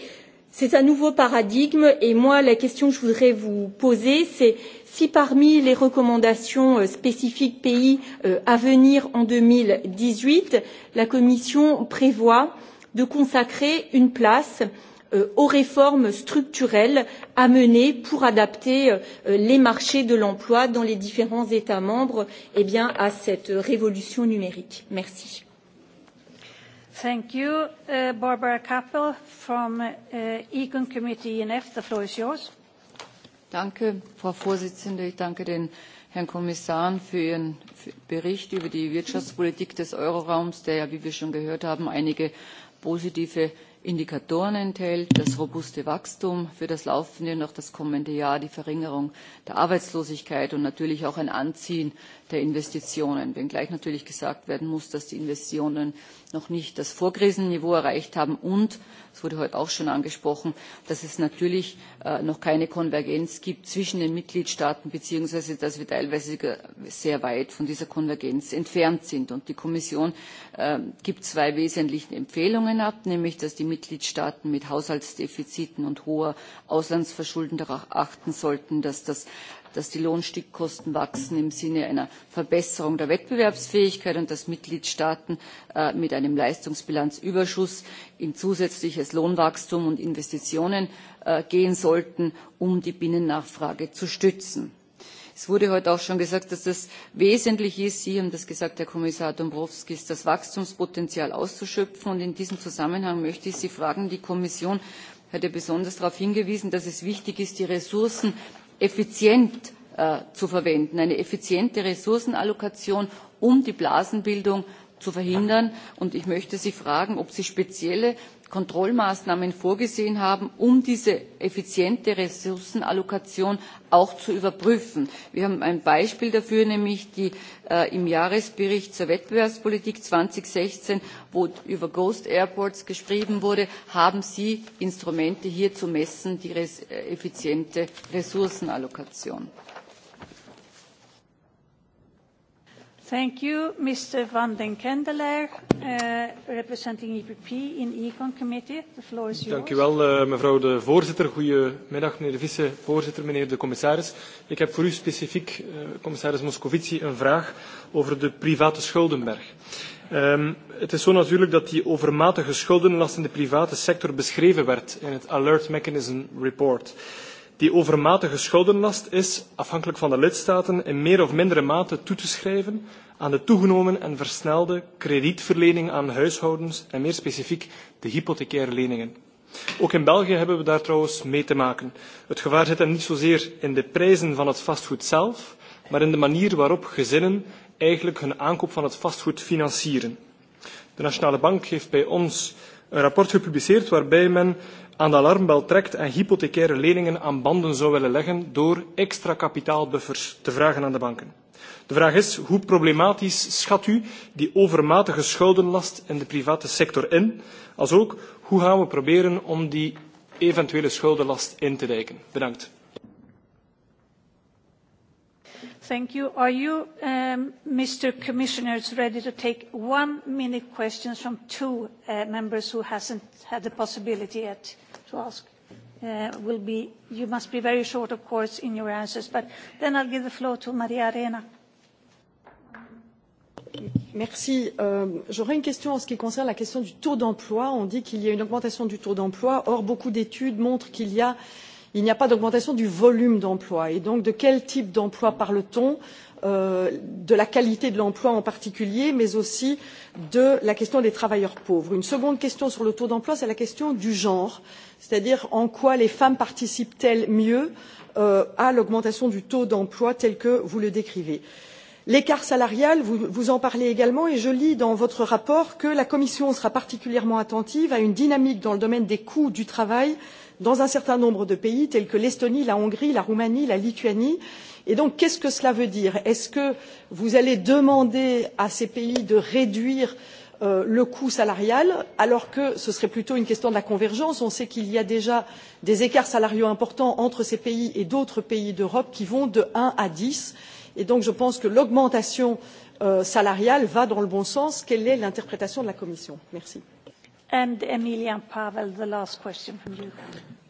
[SPEAKER 16] C'est un nouveau paradigme et moi la question que je voudrais vous poser c'est Si parmi les recommandations spécifiques pays à venir en deux mille dix huit, la Commission prévoit de consacrer une place aux réformes structurelles à mener pour adapter les marchés de l'emploi dans les différents États membres à cette révolution numérique. Merci.
[SPEAKER 9] Thank you, Barbara Kappel from Econ
[SPEAKER 17] Committee ENF. The floor is yours. Frau Vorsitzende. Ich danke den Herrn Kommissaren für Ihren Bericht über die Wirtschaftspolitik des Euroraums, der ja, wie wir schon gehört haben, einige positive Indikatoren enthält, das robuste Wachstum für das laufende und auch das kommende Jahr, die Verringerung der Arbeitslosigkeit und natürlich auch ein Anziehen der Investitionen, wenngleich natürlich gesagt werden muss, dass die Investitionen noch nicht das Vorkrisenniveau erreicht haben und, es wurde heute auch schon angesprochen, dass es natürlich noch keine Konvergenz gibt zwischen den Mitgliedstaaten, beziehungsweise dass wir teilweise sehr weit von dieser Konvergenz entfernt sind. die Kommission gibt zwei wesentliche Empfehlungen ab, nämlich dass die Mitgliedstaaten mit Haushaltsdefiziten und hoher Auslandsverschuldung darauf achten sollten, dass das dass die Lohnstückkosten wachsen im Sinne einer Verbesserung der Wettbewerbsfähigkeit und dass Mitgliedstaaten mit einem Leistungsbilanzüberschuss in zusätzliches Lohnwachstum und Investitionen gehen sollten, um die Binnennachfrage zu stützen. Es wurde heute auch schon gesagt, dass es wesentlich ist, Sie haben das gesagt, Herr Kommissar Dombrovskis, das Wachstumspotenzial auszuschöpfen. Und in diesem Zusammenhang möchte ich Sie fragen, die Kommission hat ja besonders darauf hingewiesen, dass es wichtig ist, die Ressourcen effizient zu verwenden eine effiziente ressourcenallokation um die blasenbildung zu verhindern und ich möchte sie fragen ob sie spezielle Kontrollmaßnahmen vorgesehen haben, um diese effiziente Ressourcenallokation auch zu überprüfen. Wir haben ein Beispiel dafür, nämlich die im Jahresbericht zur Wettbewerbspolitik zweitausendsechzehn wo über Ghost Airports geschrieben wurde, haben Sie Instrumente hier zu messen, die effiziente Ressourcenallokation. Thank you, Mr. van den Kendeler,
[SPEAKER 9] representing EPP in Econ Committee. The floor is yours. Dank u
[SPEAKER 18] wel, mevrouw de voorzitter. Goedemiddag, meneer de vicevoorzitter, meneer de commissaris. Ik heb voor u specifiek, commissaris Moscovici, een vraag over de private schuldenberg. het is zo natuurlijk dat die overmatige schuldenlast in de private sector beschreven werd in het Alert Mechanism Report. Die overmatige schuldenlast is, afhankelijk van de lidstaten, in meer of mindere mate toe te schrijven aan de toegenomen en versnelde kredietverlening aan huishoudens en meer specifiek de hypothecaire leningen. Ook in België hebben we daar trouwens mee te maken. Het gevaar zit hem niet zozeer in de prijzen van het vastgoed zelf, maar in de manier waarop gezinnen eigenlijk hun aankoop van het vastgoed financieren. De Nationale Bank heeft bij ons een rapport gepubliceerd waarbij men aan de alarmbel trekt en hypothecaire leningen aan banden zou willen leggen door extra kapitaalbuffers te vragen aan de banken. De vraag is, hoe problematisch schat u die overmatige schuldenlast in de private sector in? Als ook, hoe gaan we proberen om die eventuele schuldenlast in te dijken? Bedankt.
[SPEAKER 9] Thank you. Are you, Mr. Commissioners, ready to take one-minute questions from two members who haven't had the possibility yet? to ask will be you must be very short, of course, in your answers, but then I'll give the floor to Maria Arena.
[SPEAKER 19] Merci. J'aurais une question en ce qui concerne la question du taux d'emploi. On dit qu'il y a une augmentation du taux d'emploi. Or, beaucoup d'études montrent qu'il y a il n'y a pas d'augmentation du volume d'emploi. Et donc, de quel type d'emploi parle-t-on de la qualité de l'emploi en particulier, mais aussi de la question des travailleurs pauvres. Une seconde question sur le taux d'emploi, c'est la question du genre, c'est-à-dire en quoi les femmes participent-elles mieux à l'augmentation du taux d'emploi tel que vous le décrivez. L'écart salarial, vous, en parlez également, et je lis dans votre rapport que la Commission sera particulièrement attentive à une dynamique dans le domaine des coûts du travail dans un certain nombre de pays tels que l'Estonie, la Hongrie, la Roumanie, la Lituanie, Et donc, qu'est-ce que cela veut dire Est-ce que vous allez demander à ces pays de réduire le coût salarial alors que ce serait plutôt une question de la convergence on sait qu'il y a déjà des écarts salariaux importants entre ces pays et d'autres pays d'europe qui vont de un à dix et donc je pense que l'augmentation salariale va dans le bon sens quelle est l'interprétation de la commission?
[SPEAKER 9] madam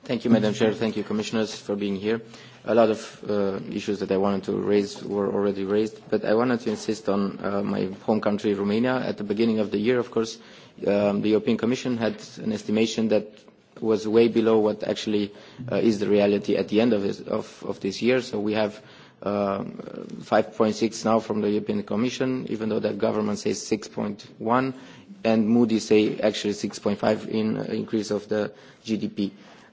[SPEAKER 20] thank you commissioners for being here. A lot of uh, issues that I wanted to raise were already raised, but I wanted to insist on uh, my home country, Romania. At the beginning of the year, of course, um, the European Commission had an estimation that was way below what actually uh, is the reality at the end of this, of, of this year. So we have uh, 5.6 now from the European Commission, even though that government says 6.1, and Moody say actually 6.5 in increase of the GDP.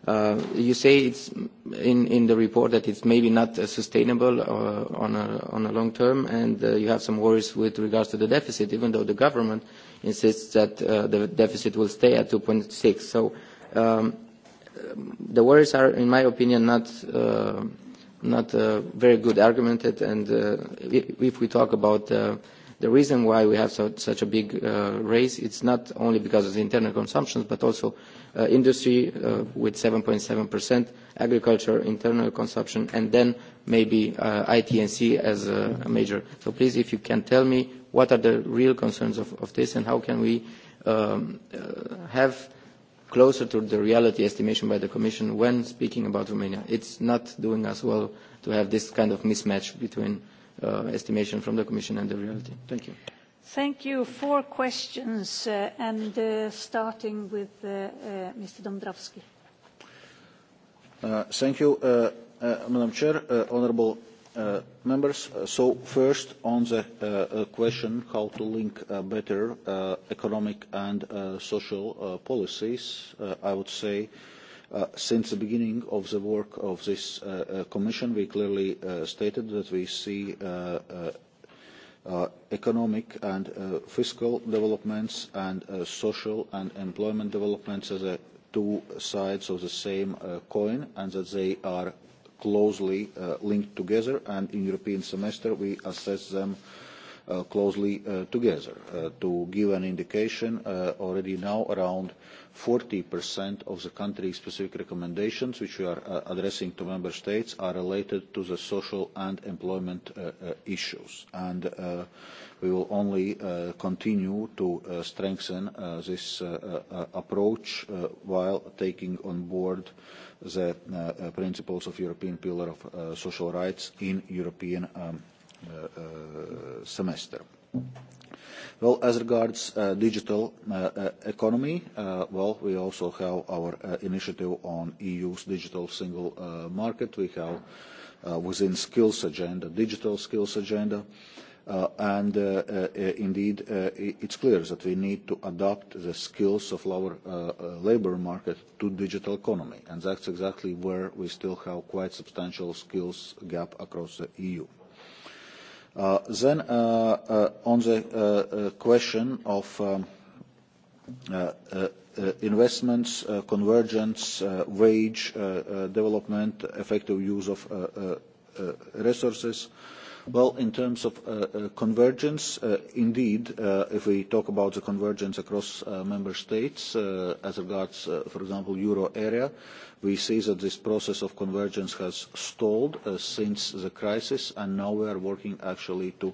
[SPEAKER 20] You say it's in in the report that it's maybe not sustainable on a on long term, and you have some worries with regards to the deficit, even though the government insists that the deficit will stay at 2.6. So, the worries are, in my opinion, not not very good argumented, and if we talk about The reason why we have such a big uh, raise, it's not only because of the internal consumption, but also uh, industry uh, with 7.7%, agriculture, internal consumption, and then maybe uh, C as a, major. So please, if you can tell me what are the real concerns of, this and how can we have closer to the reality estimation by the Commission when speaking about Romania. It's not doing us well to have this kind of mismatch between uh, estimation from the Commission and the reality. Thank you.
[SPEAKER 9] Thank you. Four questions, uh, and uh, starting with uh, uh, Mr. Dombrovsky.
[SPEAKER 2] Uh, thank you, uh, uh, Madam Chair, uh, honourable members. So first, on the question how to link better economic and social policies, I would say since the beginning of the work of this Commission, we clearly stated that we see economic and fiscal developments and social and employment developments as the two sides of the same coin and that they are closely linked together and in European semester we assess them closely together. to give an indication already now around 40% of the country-specific recommendations which we are addressing to member states are related to the social and employment issues. And we will only continue to strengthen this approach while taking on board the principles of the European Pillar of Social Rights in European semester. Well, as regards the digital economy, well, we also have our initiative on EU's digital single market. We have within within skills agenda, digital skills agenda. and indeed, it's clear that we need to adapt the skills of our labour market to digital economy. And that's exactly where we still have quite substantial skills gap across the EU. Then on the question of investments, convergence, wage development, effective use of resources, Well, in terms of convergence, indeed, if we talk about the convergence across member states as regards, for example, euro area, we see that this process of convergence has stalled since the crisis, and now we are working actually to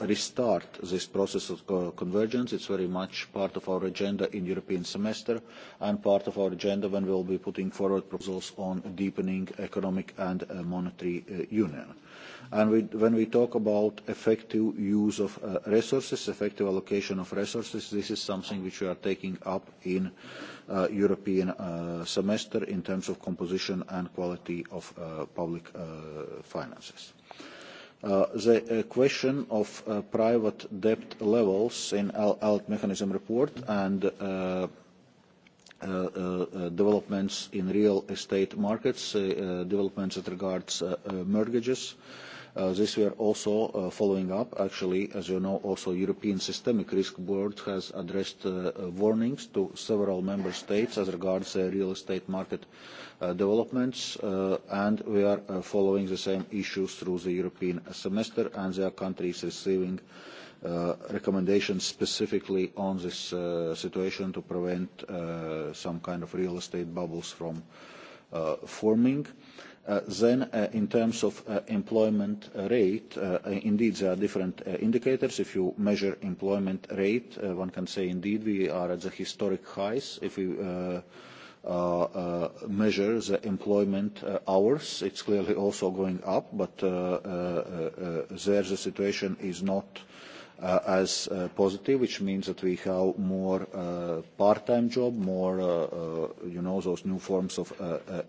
[SPEAKER 2] restart this process of convergence. It's very much part of our agenda in European semester and part of our agenda when we will be putting forward proposals on deepening economic and monetary union. When we talk about effective use of resources, effective allocation of resources, this is something which we are taking up in European semester in terms of composition and quality of public finances the question of private debt levels in ALT mechanism report and developments in real estate markets, developments that regards mortgages, uh, This we are also following up. Actually, as you know, also European Systemic Risk Board has addressed warnings to several member states as regards real estate market developments, and we are following the same issues through the European semester, and there are countries receiving recommendations specifically on this situation to prevent some kind of real estate bubbles from forming. Uh, Then, in terms of employment rate, indeed, there are different indicators. If you measure employment rate, one can say indeed we are at the historic highs. If we measure the employment hours, it's clearly also going up, but there the situation is not as positive, which means that we have more part-time job, more, you know, those new forms of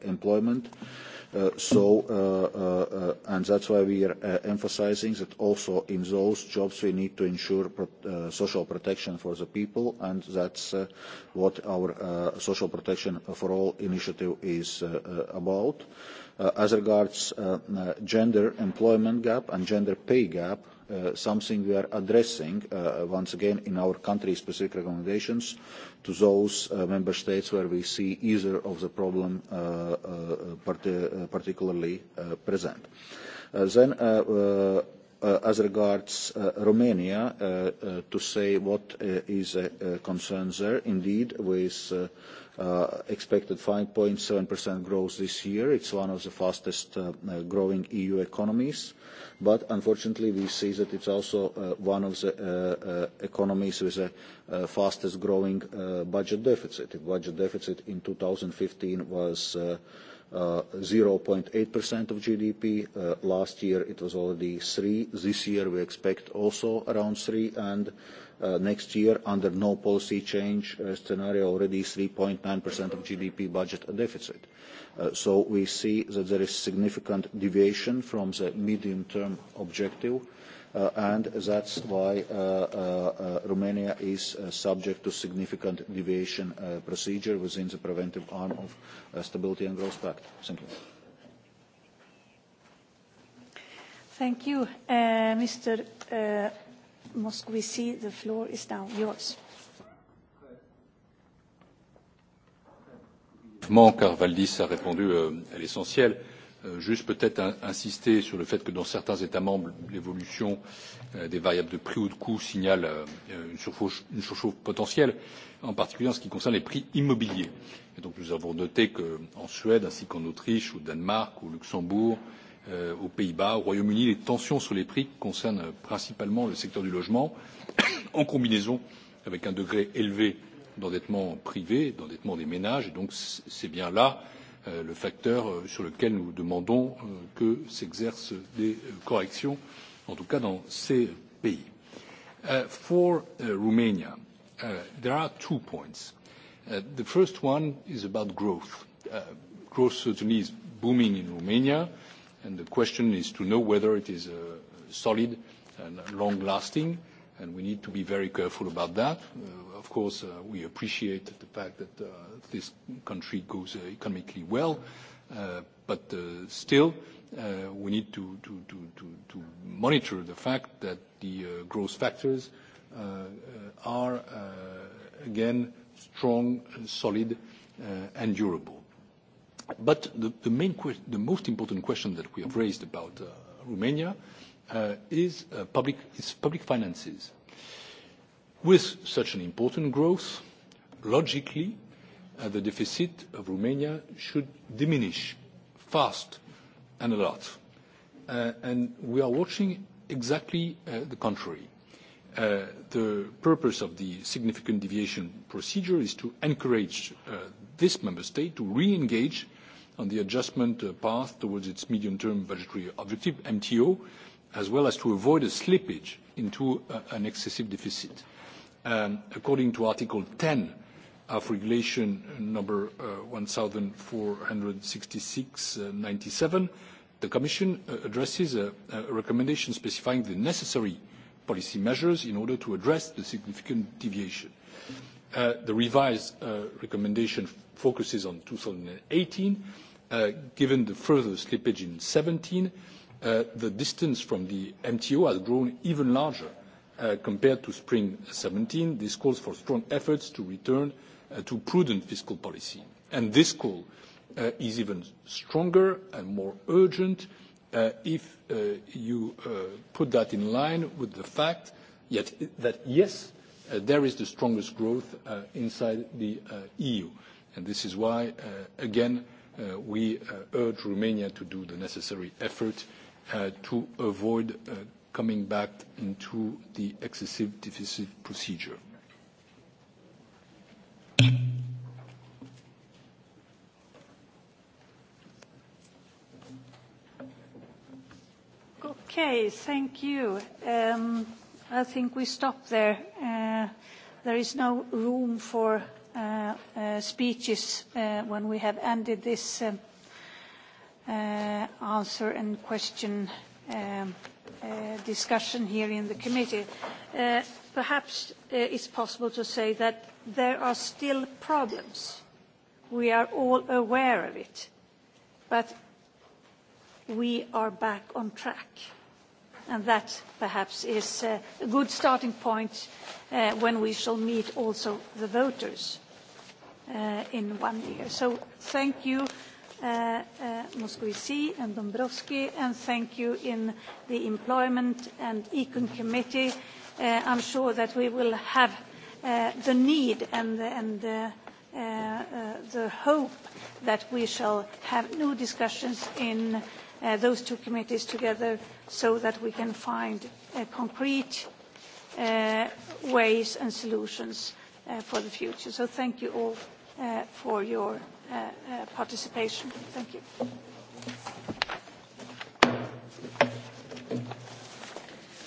[SPEAKER 2] employment. So, and that's why we are emphasizing that also in those jobs, we need to ensure social protection for the people, and that's what our Social Protection for All initiative is about. As regards gender employment gap and gender pay gap, something we are addressing once again in our country-specific recommendations to those member states where we see either of the problem particularly present. Then as regards Romania, to say what is a concern there. Indeed, with expected 5.7% growth this year, it's one of the fastest growing EU economies. But unfortunately, we see that it's also one of the economies with the fastest growing budget deficit. The budget deficit in fifteen was 0.8% of GDP. Last year, it was already 3%. This year, we expect also around 3%, and next year, under no policy change scenario, already 3.9% of GDP budget deficit. So we see that there is significant deviation from the medium-term objective and that is why Romania is subject to significant deviation procedure within the preventive arm of the Stability and Growth Pact. Thank you.
[SPEAKER 9] Thank you. Mr. Moscovici, the floor is now yours.
[SPEAKER 3] a répondu à l'essentiel juste peut être insister sur le fait que dans certains états membres l'évolution des variables de prix ou de coûts signale une surchauffe potentielle en particulier en ce qui concerne les prix immobiliers. nous avons noté qu'en suède ainsi qu'en autriche au danemark au luxembourg aux pays bas au royaume uni les tensions sur les prix concernent principalement le secteur du logement en combinaison avec un degré élevé d'endettement privé d'endettement des ménages et donc c'est bien le facteur sur lequel nous demandons que s'exercent des corrections en tout cas dans ces pays. for romania there are two points. the first one is about growth. growth certainly is booming in romania and the question is to know whether it is solid and long lasting and we need to be very careful about that. Of course, we appreciate the fact that this country goes economically well, but still, we need to monitor the fact that the growth factors are again strong, solid, and durable. But the most important question that we have raised about Romania is public finances. With such an important growth, logically, the deficit of Romania should diminish fast and a lot. we are watching exactly the contrary. The purpose of the significant deviation procedure is to encourage this member state to re-engage on the adjustment path towards its medium-term budgetary objective, MTO, as well as to avoid a slippage into an excessive deficit. According to Article 10 of Regulation number 1466/97, the Commission addresses a recommendation specifying the necessary policy measures in order to address the significant deviation. The revised recommendation focuses on 2018, given the further slippage in 2017, the distance from the MTO has grown even larger compared to spring seventeen. This calls for strong efforts to return to prudent fiscal policy. and This call is even stronger and more urgent if you put that in line with the fact that, yes, there is the strongest growth inside the EU. and This is why, again, we urge Romania to do the necessary effort to avoid coming back into the excessive deficit procedure.
[SPEAKER 9] Okay, thank you. I think we stop there. There is no room for speeches when we have ended this answer and question discussion here in the committee. Perhaps it's possible to say that there are still problems. We are all aware of it, but we are back on track, and that perhaps is a good starting point when we shall meet also the voters in one year. So thank you Moscovici and Dombrovskis, and thank you in the Employment and Econ Committee. I'm sure that we will have the need and the hope that we shall have new discussions in those two committees together so that we can find concrete ways and solutions for the future. So Thank you all for your participation.
[SPEAKER 17] Thank you.